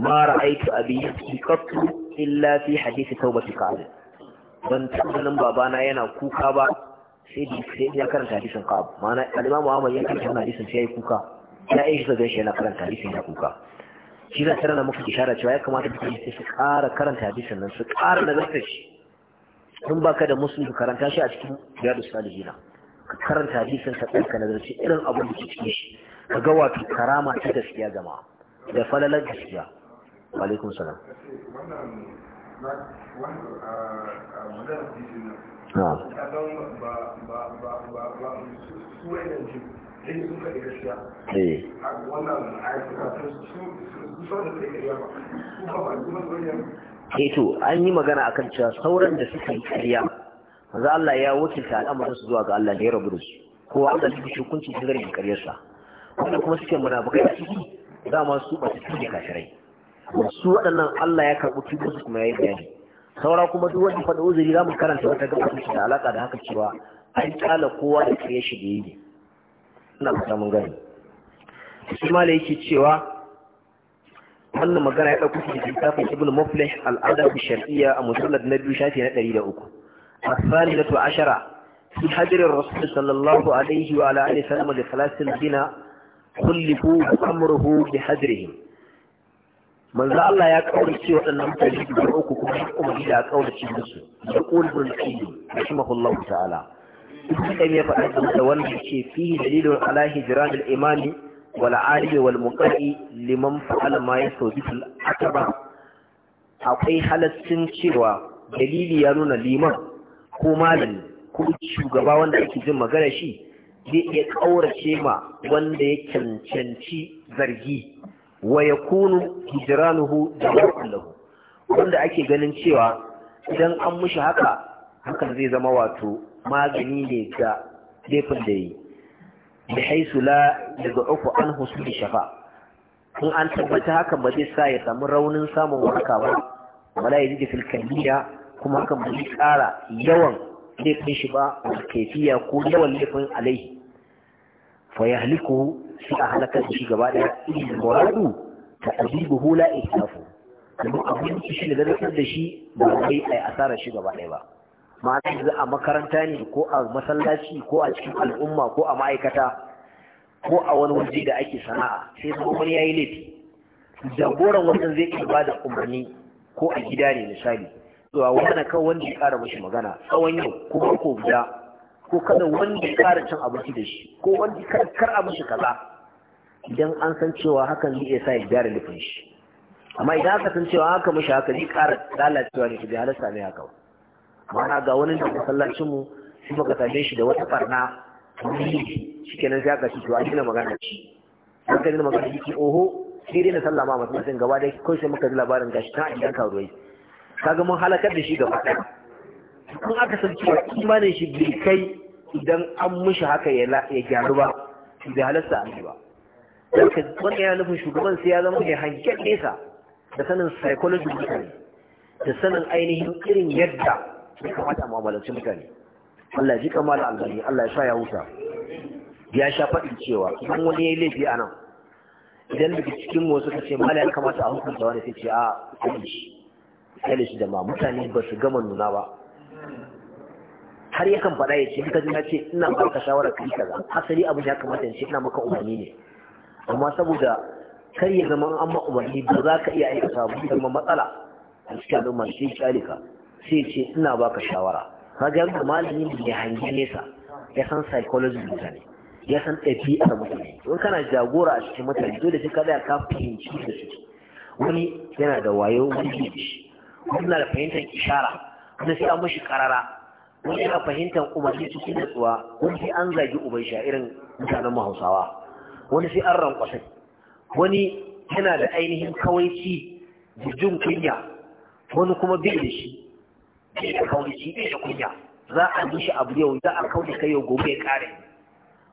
ma ra'aytu abi yabki qattu illa fi hadisi tawbati qa'id ban taɓa nan babana yana kuka ba sai da sai ya karanta hadisin qab ma'ana al-imam ahmad ya karanta hadisin sai ya kuka ya aisha sai shi yana karanta hadisin ya kuka shi zan tara na muku ishara cewa ya kamata mutane sai su ƙara karanta hadisin nan su ƙara nazartar shi in baka da musulmi ka karanta shi a cikin riyadu salihina ka karanta hadisin ka tsarka nazarci irin abin da ke cikin shi ka ga wato karama ta gaskiya gama da falalar gaskiya alaikum salam Eto, eh. eh an yi magana a kan cewa sauran da suka yi karya, za Allah ya ta al'amarinsu zuwa ga Allah da ya rabu da su, kowa Allah su kunci su zargin karyarsa. wanda kuma suke munafukai a ciki dama su ba su ne kashirai. su waɗannan Allah ya karɓi tubu su kuma yayi bayani saura kuma duk wanda fada uzuri zamu karanta wata gaba su da alaka da haka cewa an kala kowa da kai shi da yake ina fata mun gani shi ma yake cewa wannan magana ya ɗauko shi da littafin ibnu Muflih al-Adab al-Shar'iyya a mujallad na biyu shafi na 103 الثامنة ashara في حجر الرسول صلى الله عليه وعلى آله وسلم لثلاث سنين kullifu amruhu bi hadrihim manzo Allah ya kaurace waɗannan mutane da uku kuma shi kuma ya kaurace musu da qulul qayyim rahimahullahu ta'ala ibn qayyim ya faɗa da wanda yake fihi dalilun ala hijran al-imani wal ali wal muqri liman fa'ala ma yasawdi fil akaba akwai halaccin cewa dalili ya nuna liman ko malami ko shugaba wanda ake jin magana shi zai iya ƙaurace ma wanda ya cancanci zargi wa ya kunu hijiranuhu da lahu wanda ake ganin cewa idan an mushi haka hakan zai zama wato magani ne ga laifin da yi da haisu la da uku an husu da shafa in an tabbata haka ba zai sa ya samu raunin samun warka ba wala ya ji da filkaniya kuma hakan ba zai ƙara yawan laifin shi ba a kaifiya ko yawan laifin alaihi fa haliku sai a halakar shi gaba daya ilil muradu ta hula a islafu domin abin da shi da zarafin da shi ba kai yi asarar shi gaba ba a yanzu a makaranta ne ko a masallaci ko a cikin al'umma ko a ma'aikata ko a wani waje da ake sana'a sai kuma wani ya yi laifi jagoran wannan zai iya da umarni ko a gida ne misali cewa wanda kan wanda ya kara mashi magana tsawon yau ko ko guda ko kada wanda ya kara cin abinci da shi ko wanda kar kar a mashi kaza idan an san cewa hakan zai iya sa ya gyara nufin shi amma idan aka san cewa haka mashi haka zai kara lalacewa ne da bai halasta mai haka ma'ana ga wani da masallacin mu sai muka same shi da wata barna shi kenan sai aka ci to a gina magana ci aka gina magana ci oho sai dai na sallama masallacin gaba da kawai sai muka ji labarin gashi ta idan ka ruwai kaga mun halakar da shi gaba ɗaya kun aka san cewa imanin shi bai kai idan an mishi haka ya gyaru ba bai halasta a ba Daga wannan ya nufin shugaban sai ya zama mai hangen nesa da sanin psychology mutane da sanin ainihin irin yadda ya kamata mu'amalanci mutane Allah ji kamar albani Allah ya sha ya huta ya sha faɗin cewa idan wani ya yi laifi a nan idan daga cikin wasu ka ce mala ya kamata a hukunta wani sai ce a shi. kyale shi da ma mutane ba su gama nuna ba har yakan faɗa ya ce duka na ce ina ba ka ka kaza asali abin ya kamata ya ce ina maka umarni ne amma saboda kar ya zama an ma umarni ba za ka iya aikata ba zama matsala a cikin al'umma sai kyale ka sai ya ce ina ba ka shawara ka ga yadda malamin da ya hangi nesa ya san psychology mutane ya san ɗabi'ar mutane in kana jagora a cikin mutane dole sai ka tsaya ka fahimci da su wani yana da wayo wani shi wannan da fahimtar ishara wani sai an mashi karara wani yana fahimtar umarni cikin natsuwa wani sai an zagi uban sha irin mutanen mahausawa wani sai an rankwasa wani yana da ainihin kawaici da jin kunya wani kuma bin da shi da kawaici bai da kunya za a yi shi abu yau za a kauce kai yau gobe ya kare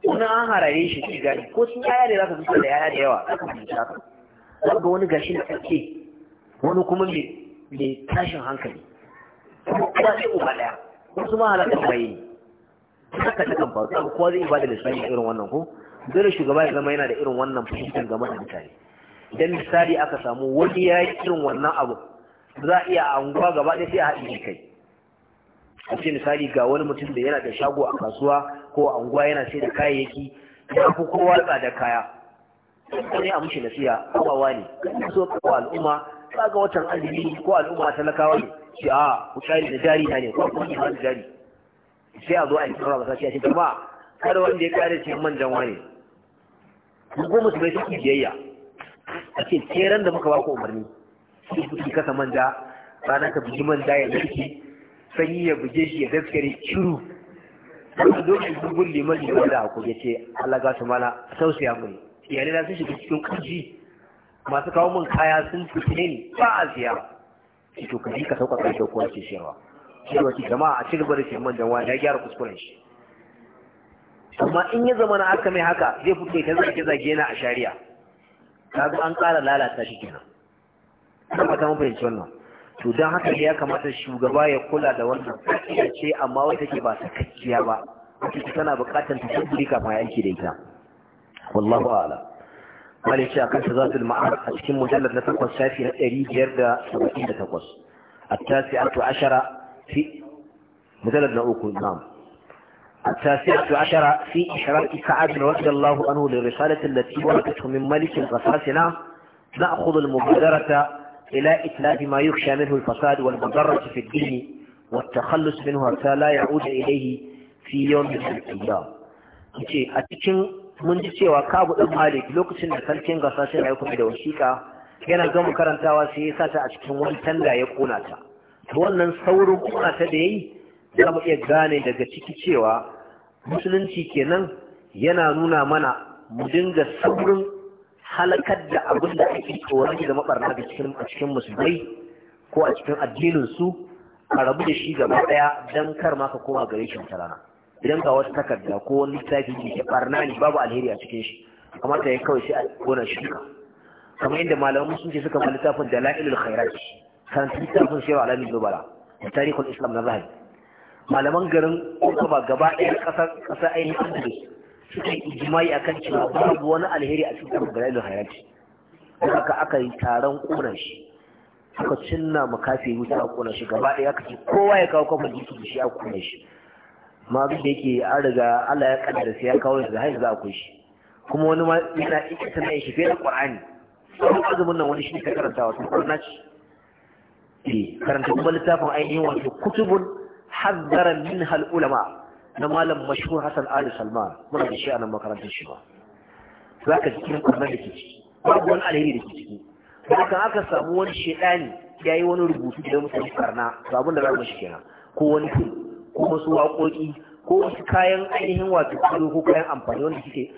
wani an harare shi shi gani ko sun yaya ne za ka fito da yaya da yawa za ka fahimci ka? wani gashi na tsarki wani kuma mai mai tashin hankali kuma sai uba ɗaya. wasu ma halaka tawaye ne haka ta kan faru kuma kowa zai ibada lissafi irin wannan ko dole shugaba ya zama yana da irin wannan fahimtar game da mutane idan misali aka samu wani ya yi irin wannan abu za a iya anguwa gaba ɗaya sai a haɗi kai a ce misali ga wani mutum da yana da shago a kasuwa ko a anguwa yana sai da kayayyaki ya fi kowa da kaya sai a mushi nasiha kawawa ne kan so kawo al'umma ba ga watan azumi ko al'umma lakawa ne ce a ku da jari na ne ko ku ba da jari sai a zo a yi ba sashi a cikin ba kada wanda ya kare ce manjan wani ko musulmai suke biyayya a ce tseren da muka ba ku umarni su suke kasa manja ranar ka buji manja ya narke sanyi ya buge shi ya gaskare shiru wanda dokin gungun liman liman da hakuri ya ce Allah ga su mala a tausaya mu iyalai na sun shiga cikin kunci masu kawo mun kaya sun fitine ni ba a siya to ka ka sauka kai ko wace shirwa shirwa ki jama'a a cigaba da shirman da wani ya gyara kuskuren shi amma in ya zama na aka mai haka zai fito ta zage zage na a shari'a kaga an ƙara lalata shi kenan kuma ta mun fahimci wannan to don haka ya kamata shugaba ya kula da wannan kakkiya ce amma wata ke ba kaciya ba wata tana buƙatar ta tabbiri kafin aiki da ita wallahu a'lam قال يشي أقل تزاد المعاد أتكين مجلد نتقوى السافي نتأري جيرد سبعين نتقوى التاسعة عشرة في مجلد نأوكو نعم التاسعة عشرة في إشراك سعد رضي الله عنه للرسالة التي ورثته من ملك غساسنا نأخذ المبادرة إلى إتلاف ما يخشى منه الفساد والمضرة في الدين والتخلص منه حتى لا يعود إليه في يوم من الأيام. أتكين mun ji cewa kabu ɗan malik lokacin da sarkin gasa sai ya kuma da wasiƙa yana gama karantawa sai ya sata a cikin wani tanda ya kona ta wannan saurin kona ta da yayi za mu iya gane daga ciki cewa musulunci kenan yana nuna mana mu dinga saurin halakar da abin da ake tsoron da mabarna da cikin a cikin musulmai ko a cikin addinin su a rabu da shi gaba ɗaya dan kar ma ka koma gare shi wata rana idan ga wata takarda ko wani littafi ne ke barna ne babu alheri a cikin shi ta yi kawai sai a gona shi duka kamar yadda malaman sun ce suka ma littafin la'ilul khairat kan littafin shewa alamin zubara da tarihul islam na zahiri. malaman garin kuma gaba ɗaya ƙasar ƙasar ainihin su suka yi ijimai akan cewa babu wani alheri a cikin la'ilul khairat da aka aka yi taron kona shi aka cinna makafi wuta a kona shi gaba ɗaya aka ce kowa ya kawo kwamfani da shi a kona shi ma abin da yake an riga Allah ya kaddara sai ya kawo shi da haihu za a kushi kuma wani ma yana iya tana shi fiye da Qur'ani sai azumin nan wani shi ka karanta wato Qur'ani eh karanta kuma littafin ainihin wato kutubun hazzara minha al-ulama na malam mashhur Hassan Ali Salman muna da shi a nan makarantar shi ba zaka ji kin kuma da kici babu wani alheri da kici haka aka samu wani shedani yayi wani rubutu da mutane karna to da za mu shi kenan ko wani fil ko wasu waƙoƙi ko wasu kayan ainihin wato kudu ko kayan amfani wanda suke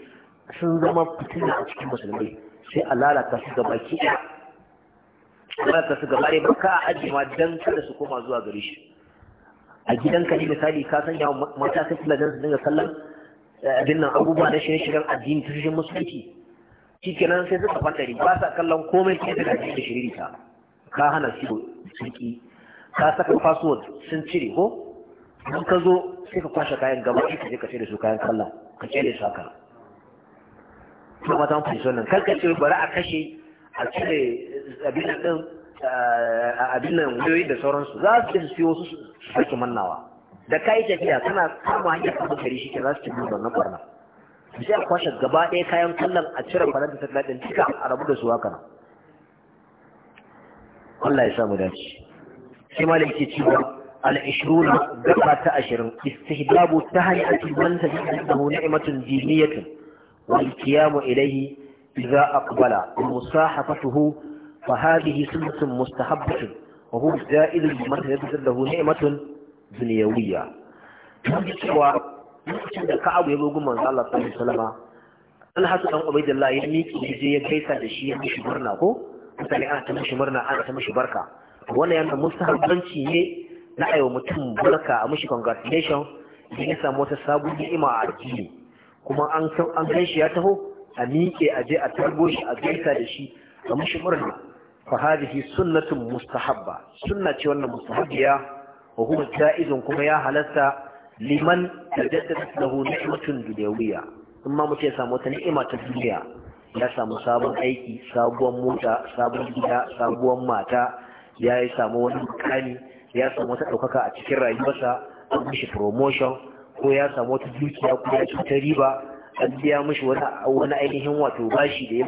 sun zama fitina a cikin musulmai sai a lalata su gaba ki lalata su gaba ne baka a ajiye ma dan kada su koma zuwa gare shi a gidanka ne misali ka sanya mata sai dan su dinga kallon eh, abin nan abubuwa na shirin shiryen addini ta shirin musulunci shikenan sai suka fantari ba sa kallon komai ke daga cikin shiriri ta ka hana su sulki ka saka password sun cire ko don ka zo sai ka kwashe kayan gaba ka je ka ce da su kayan sallah ka ce da su haka to mata mun fahimci wannan kar ka ce bari a kashe a cire eh, abin nan eh, abin nan wayoyi da sauransu za su ce su siyo su su sake mannawa da ka yi tafiya kana kama hanyar kuma gari shi ke za su ci dutsen wannan kwarna sai a kwashe gaba ɗaya kayan kallon a cire faranta ta da cika a rabu da su haka nan Allah ya samu dace sai malam ke gaba. العشرون قبعة أشر استهداب تهيئة من تجد أنه نعمة دينية والقيام إليه إذا أقبل ومصاحفته فهذه سنة مستحبة وهو زائد لمن تجد له نعمة دنيوية da ka'abu ya gogun manzo Allah sallallahu alaihi wasallam an hasu dan ubaidillah ya miki je ya gaisa da shi ya mishi murna ko misali ana ta mishi murna ana ta mishi barka wannan yana mustahabbanci ne na wa mutum barka a mashi congratulation da ya samu wata sabon ni'ima a addini kuma an an shi ya taho a miƙe a je a targo shi a gaisa da shi a mashi murna fa hadhihi sunnatun mustahabba sunna ce wannan mustahabbiya wa huwa jaizun kuma ya halatta liman tajaddadat lahu ni'matun dunyawiyya in ma mutum ya samu wata ni'ima ta duniya ya samu sabon aiki sabuwar mota sabon gida sabuwar mata ya yi samu wani mukami ya samu wata ɗaukaka a cikin rayuwarsa an mishi promotion ko ya samu wata dukiya ko ya ta riba an biya mishi wani ainihin wato bashi da ya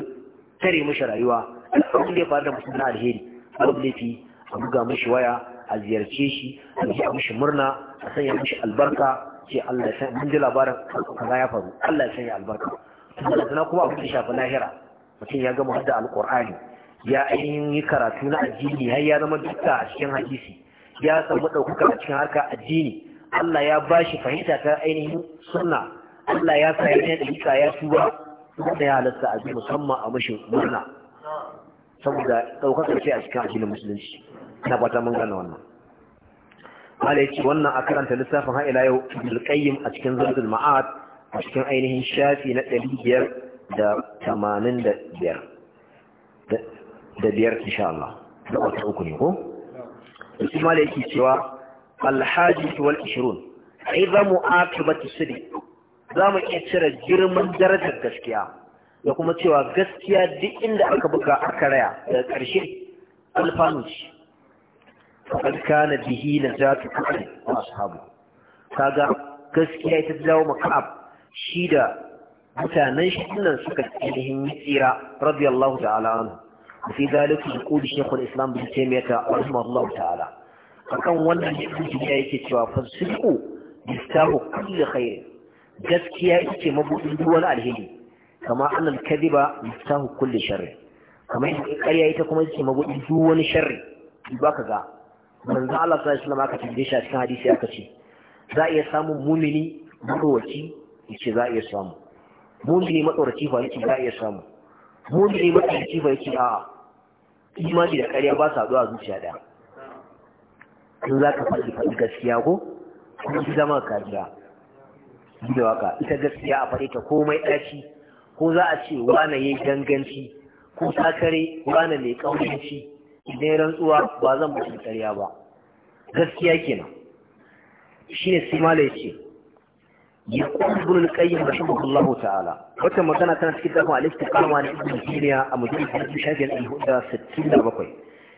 tare mishi rayuwa abin da ya faru da mutum na alheri a laifi a buga mishi waya a ziyarce shi a yi mishi murna a sanya mishi albarka ce Allah ya mun ji labarin kaza ya faru Allah ya sanya albarka sannan kuma abin da shafi lahira mutum ya gama hadda alqur'ani ya ainihin yi karatu na addini har ya zama dukka a cikin hadisi ya samu ɗaukaka a cikin harka addini Allah ya ba shi fahimta ta ainihin sunna Allah ya sa yana da ya tuba da ya halatta a cikin musamman a mashi murna saboda ɗaukaka ce a cikin addinin musulunci na bata mun gane wannan Allah ce wannan a karanta lissafin har ila yau bilqayyim a cikin zurdul ma'ad a cikin ainihin shafi na ɗari biyar da tamanin da biyar da biyar insha Allah da wata uku ne ko da ma da yake cewa alhaji wal ishirun ai za mu akibatu sidi za mu iya cire girman darajar gaskiya da kuma cewa gaskiya duk inda aka buga aka raya daga ƙarshe alfanu ce faƙar bihi na zata kuɗi a ashabu kaga gaskiya ita jawo maka'ab shi da mutanen shi suka suka yi tsira radiyallahu ta'ala anhu في ذلك يقول الشيخ الإسلام بن تيمية رحمه الله تعالى أكون وانا يقول جدائك سوى فالصدق يستاه كل خير جسكيا إيكي مبؤن دول الهدي كما أن الكذب يستاه كل شر كما أن يقريا إيكم إيكي مبؤن دول شر يباك ذا من ذا الله صلى الله عليه وسلم أكتب ديشا كان حديثي أكتب ذا يسام iya مروتي mumini ذا يسام za a فهي samu mumini matsoraci mu ne matsalici bai ce a imani da ƙarya ba sa zuwa zuciya da. in za ka faɗi faɗi gaskiya ko kuma ki zama kajiya da waka ita gaskiya a faɗi ta komai ɗaci ko za a ce wane ya yi ganganci ko takare wane mai ƙauyanci idan rantsuwa ba zan mutum ƙarya ba gaskiya kenan shi ne sai malai ce يقول ابن القيم رحمه الله تعالى wata magana tana cikin dafin al-istiqama na ibn Taymiya a mujallad shafin al-huda 67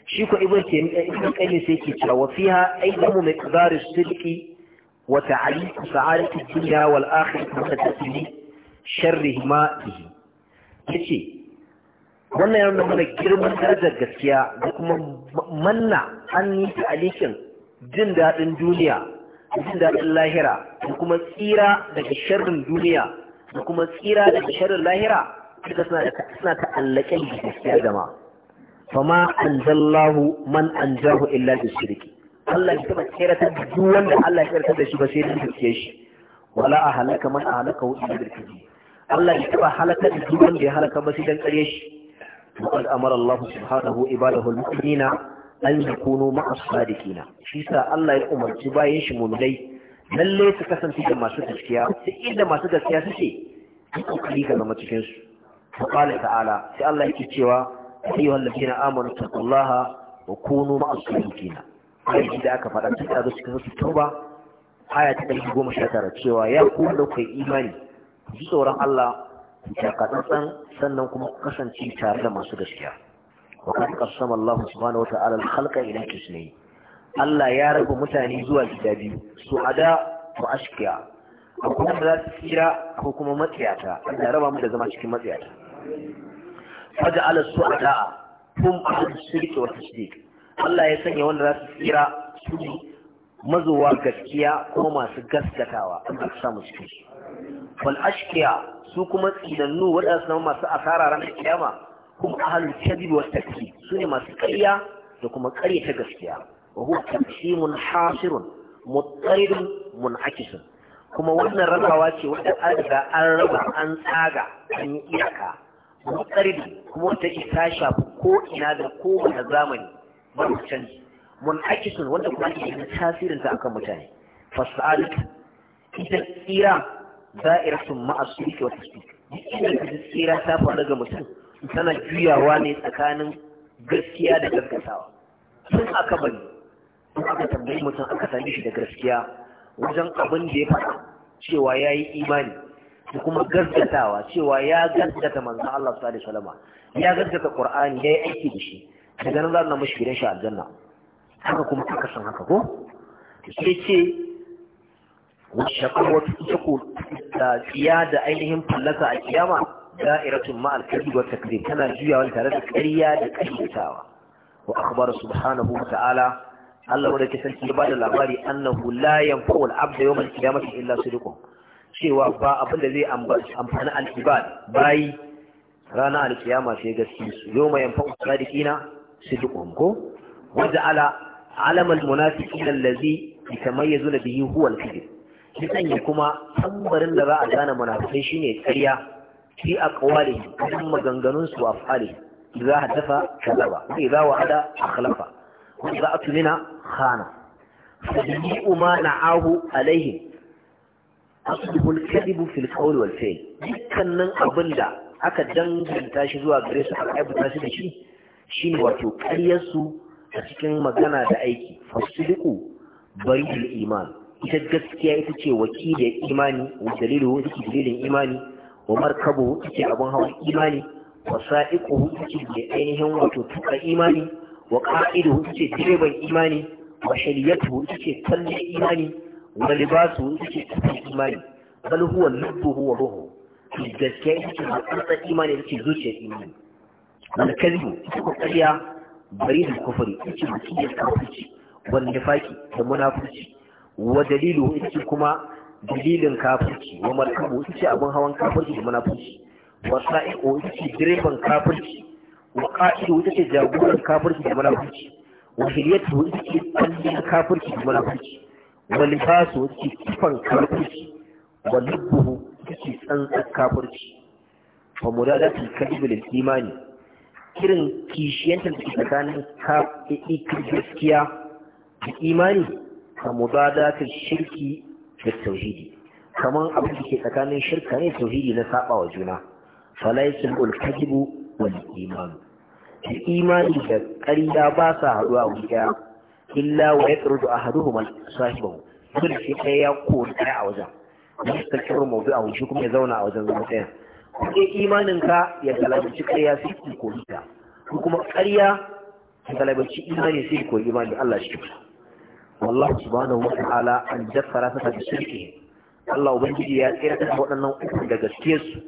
shi ko ibn Taymiya ibn Qayyim sai ke cewa wa fiha ayyamu miqdar as-sidqi wa ta'liq sa'adati ad wa yace wannan yana nuna mana girman darajar gaskiya da kuma manna an yi ta'alikin jin daɗin duniya jin daɗin lahira da kuma tsira daga sharrin duniya da kuma tsira daga sharrin lahira duka suna ta'allake da gaskiya Fa ma anzallahu man anjahu illa bi shirki Allah ya taba tsiratar da duk wanda Allah ya tsiratar da shi ba sai da shirke shi wala a halaka man a halaka wa illa bi Allah ya taba halaka da duk wanda ya halaka ba sai dan kare shi وقد أمر الله سبحانه عباده المؤمنين an yakunu ma'a sadiqina shi sa Allah ya umarci bayan shi mulai lalle su kasance da masu gaskiya duk inda masu gaskiya suke su kokari ga zama cikin su fa qala ta'ala sai Allah yake cewa ayyuhal ladina amanu taqullaha wa kunu ma'a sadiqina ai da aka faɗa cikin da suka su tauba aya ta 119 cewa ya ku da kai imani ji tsoron Allah ku ta sannan kuma kasance tare da masu gaskiya وقد قسم الله سبحانه وتعالى الخلق إلى قسمين Allah ya rabu mutane zuwa gida biyu su ada ko ashkiya akwai wanda za su tsira ko kuma matsiyata Allah ya raba da zama cikin matsiyata faja ala su ada hum ahad sirki wa tasdiq Allah ya sanya wanda za su tsira su a gaskiya kuma masu gaskatawa Allah ya cikin su su kuma tsinannu wadanda su masu asara ranar kiyama Kuma ahlul kadhib wa takzib sune masu ƙarya da kuma karya ta gaskiya wa huwa taqsimun hasirun muttaridun munakisun kuma wannan rabawa ce wanda an riga an raba an tsaga an yi iyaka muttaridun kuma wata isa shafi ko ina da kowane zamani mu canji munakisun wanda kuma ake yin tasirinta akan mutane fasalik ita tsira da'iratun ma'a sulki wa tasbih duk inda ka tsira ta faru daga mutum tana juyawa ne tsakanin gaskiya da gaskatawa sun aka bari sun aka tambayi mutum aka sami shi da gaskiya wajen abin da ya faɗa cewa ya yi imani da kuma gaskatawa cewa ya gaskata manzan Allah su alaihi ya gaskata ƙur'ani, ya yi aiki da shi daga nan za mu mashi gidan shi aljanna haka kuma aka san haka ko sai ce wa shaqawatu ita ko da da ainihin fallaka a kiyama da'iratun ma al-kadhib wa juyawa tare da karya da ƙaryatawa wa akhbara subhanahu wa ta'ala Allah wanda ke sarki ya bada labari annahu la yanfa'u al illa sidqu cewa ba da zai amfani al bayi rana al-qiyama sai gaskiya su yawma yanfa'u sadiqina sidquhum ko waja'ala alamal shi kuma da za a munafikai shine fi aqwali cikin maganganun su afali idza hadatha kadaba idza wa'ada akhlafa wa idza atmina khana fadiyu ma na'ahu alaihi asluhu al-kadhib fi al-qawl wal fi'l dukkanin abinda aka danganta shi zuwa gare su aka aibuta da shi shine wato ƙaryar su a cikin magana da aiki fasdiqu bari iman ita gaskiya ita ce wakilin imani dalilu wa dalilin imani wa markabu yake abun hawan imani wa sa'iquhu yake mai ainihin wato tuka imani wa qa'iduhu yake direban imani wa hiliyatuhu yake kalle imani wa libasu yake kalle imani bal huwa lubbuhu wa ruhu gaskiya yake da ƙarya bari da kufuri da munafurci wa dalilu yake kuma dalilin kafirci wa markabu ita ce abin hawan kafirci da munafurci wa sa'iqu ita ce direban kafirci wa qa'idu ita ce jagoran kafirci da munafurci wa hiliyatu ita ce kallin kafirci da munafurci wa lifasu ita ce kifan kafirci wa lubbuhu ita ce tsantsar kafirci wa mudadatul kadhib lil imani kirin kishiyanta da ke tsakanin kafirci gaskiya da imani ka mudadatul shirki tauhidi kaman abin da ke tsakanin shirka ne tauhidi na saba wa juna fala yasul kadibu wal iman al imani da ƙarya ba sa haɗuwa a wuri ɗaya illa wa yatrudu ahaduhum sahibahu dole sai ɗaya ya kori ɗaya a wajen da su tattaru mawdu a wuce kuma ya zauna a wajen zama ɗaya sai imanin ka ya galabaci ƙarya sai ki kori ko kuma ƙarya ya galabaci imani sai ki kori imani Allah shi kyauta wallahu subhanahu wa ta'ala an jaffara ta da shirki Allah ubangiji ya tsira da waɗannan uku da gaskiyar su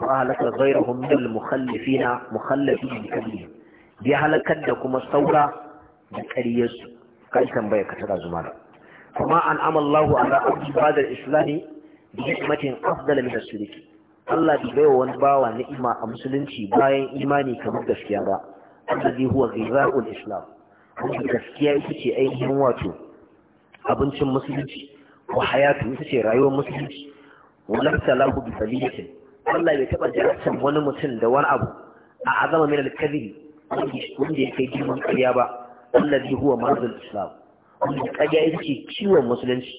wa halaka ghayrahum min al-mukhallifina mukhallifin bi kabli ya halakar da kuma saura da ƙaryar su kai tambaya ka tara zuma da kuma an amallahu ala abdi badal islami bi hikmatin afdal min as Allah bai baiwa wani bawa ni'ima a musulunci bayan imani kamar gaskiya ba allazi huwa ghiza'ul islam wanda gaskiya ita ce ainihin wato abincin musulunci wa hayatu ita ce rayuwar musulunci wa lafta lahu bi salihatin Allah bai taba jarabtan wani mutum da wani abu a azama min al-kadhib wanda ya kai girman ƙarya ba allazi huwa marzul islam wanda ƙarya ita ce ciwon musulunci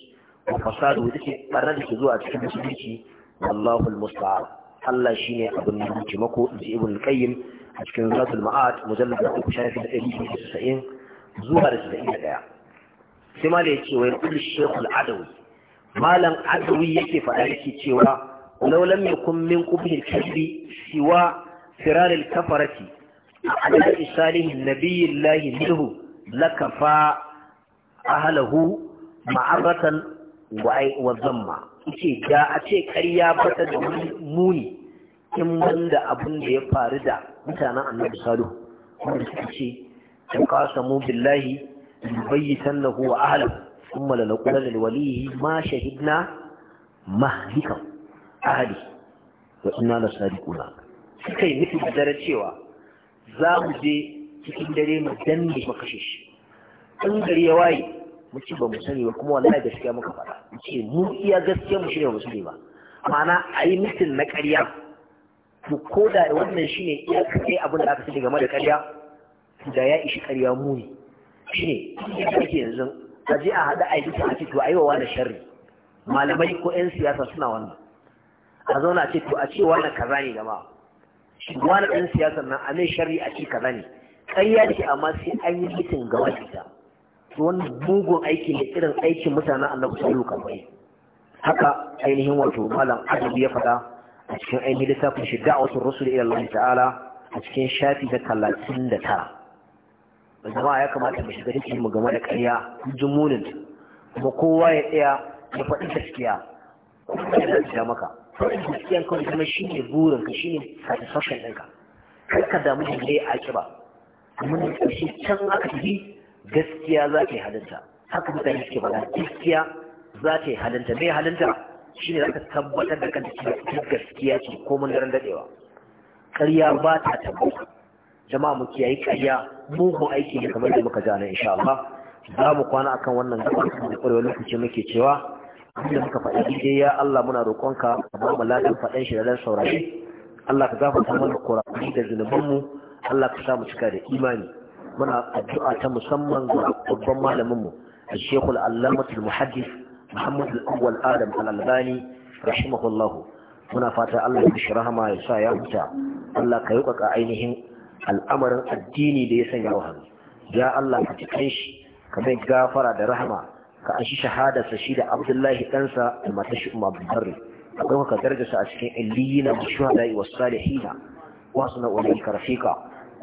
wa fasadu ita ce barna da ke zuwa cikin musulunci wallahu al-musta'an Allah shine abin da yake mako inji ibn qayyim a cikin zatul ma'ad mujallad 3 shafi 190 zuwa da 91 sai ma da ya ce wa yaqulu shaykhul adawi malam adawi yake faɗa yake cewa law lam yakun min qubhi al-kabri siwa firar al-kafarati ala isalihi nabiyillahi minhu lakafa ahlahu ma'aratan wa zamma ce da a ce ƙarya bata da muni in wanda abin da ya faru da mutanen annabi salihu wanda suka ce ta kasa mu billahi yubayyitannahu wa ahlahu thumma lanqulanna liwalihi ma shahidna mahlika ahli wa inna lasadiquna suka yi زاوزي da dare cewa za mu je cikin dare mu mu kashe shi in gari ya waye mu ci ba mu sani ba kuma wallahi gaskiya muka faɗa mu ce mu iya gaskiya mu shirya musulmi ba ma'ana ai mutun mitin na ƙarya to ko da wannan shine iya kai abin da aka sani game da ƙarya da ya ishi ƙarya muni shi ne da ake yanzu a je a haɗa aiki a fito a yi wani sharri malamai ko 'yan siyasa suna wannan a zauna a ce to a ce wannan kaza ne gama shi na ɗan siyasa nan a mai sharri a ce kaza ne ƙarya ce amma sai an yi mitin ga wani ta to wani bugun aiki ne irin aikin mutanen annabi sallallahu alaihi haka ainihin wato malam adabi ya faɗa a cikin ainihin littafin shi da'awatul rusul ila Allah ta'ala a cikin shafi na talatin da tara jama'a ya kamata mu shiga cikin mu game da ƙarya jumunin kuma kowa ya tsaya ya faɗi gaskiya kuma ya tsaya maka faɗin gaskiyan kawai kuma ne burin ka shi ne satisfaction ɗinka kar ka damu da ne a kiba Mun da ƙarshe can aka yi gaskiya za ta yi halinta haka mutane suke faɗa gaskiya za ta yi halinta mai halinta ne za ka tabbatar da kanta cikin gaskiya ce ko mun daren daɗewa ƙarya ba ta tabbata jama'a mu kiyaye kariya mugun aiki ne kamar da muka ja nan insha Allah za mu kwana akan wannan gaba kuma kwarewa lokaci muke cewa da muka faɗi dai ya Allah muna roƙonka ka ba mu ladan faɗan shi da ran saurari Allah ka gafarta mana kurakurai da mu. Allah ka sa mu cika da imani muna addu'a ta musamman ga babban malamin mu الشيخ العلامة المحدث محمد الأول آدم الألباني رحمه الله muna fata Allah ya Rahma ya sa ya huta Allah ka yuƙaƙa ainihin al'amarin addini da ya sanya wa hannu ya Allah ka cikin shi ka mai gafara da rahama ka an shi shahadarsa shi da abdullahi ɗansa da matar shi umar bukari ka ɗauka ka darjasa a cikin illiyina da shuhada wa salihina wasu na ulai rafika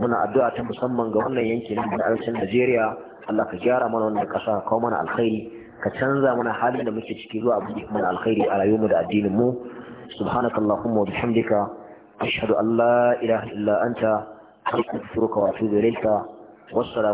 muna addu'a ta musamman ga wannan yankin na arewacin Najeriya Allah ka gyara mana wannan ƙasa kawo mana alkhairi ka canza mana halin da muke ciki zuwa abu mana alkhairi a rayuwarmu da addinin mu subhanakallahumma wa bihamdika ashhadu an la ilaha illa anta أستغفرك وأتوب إليك والسلام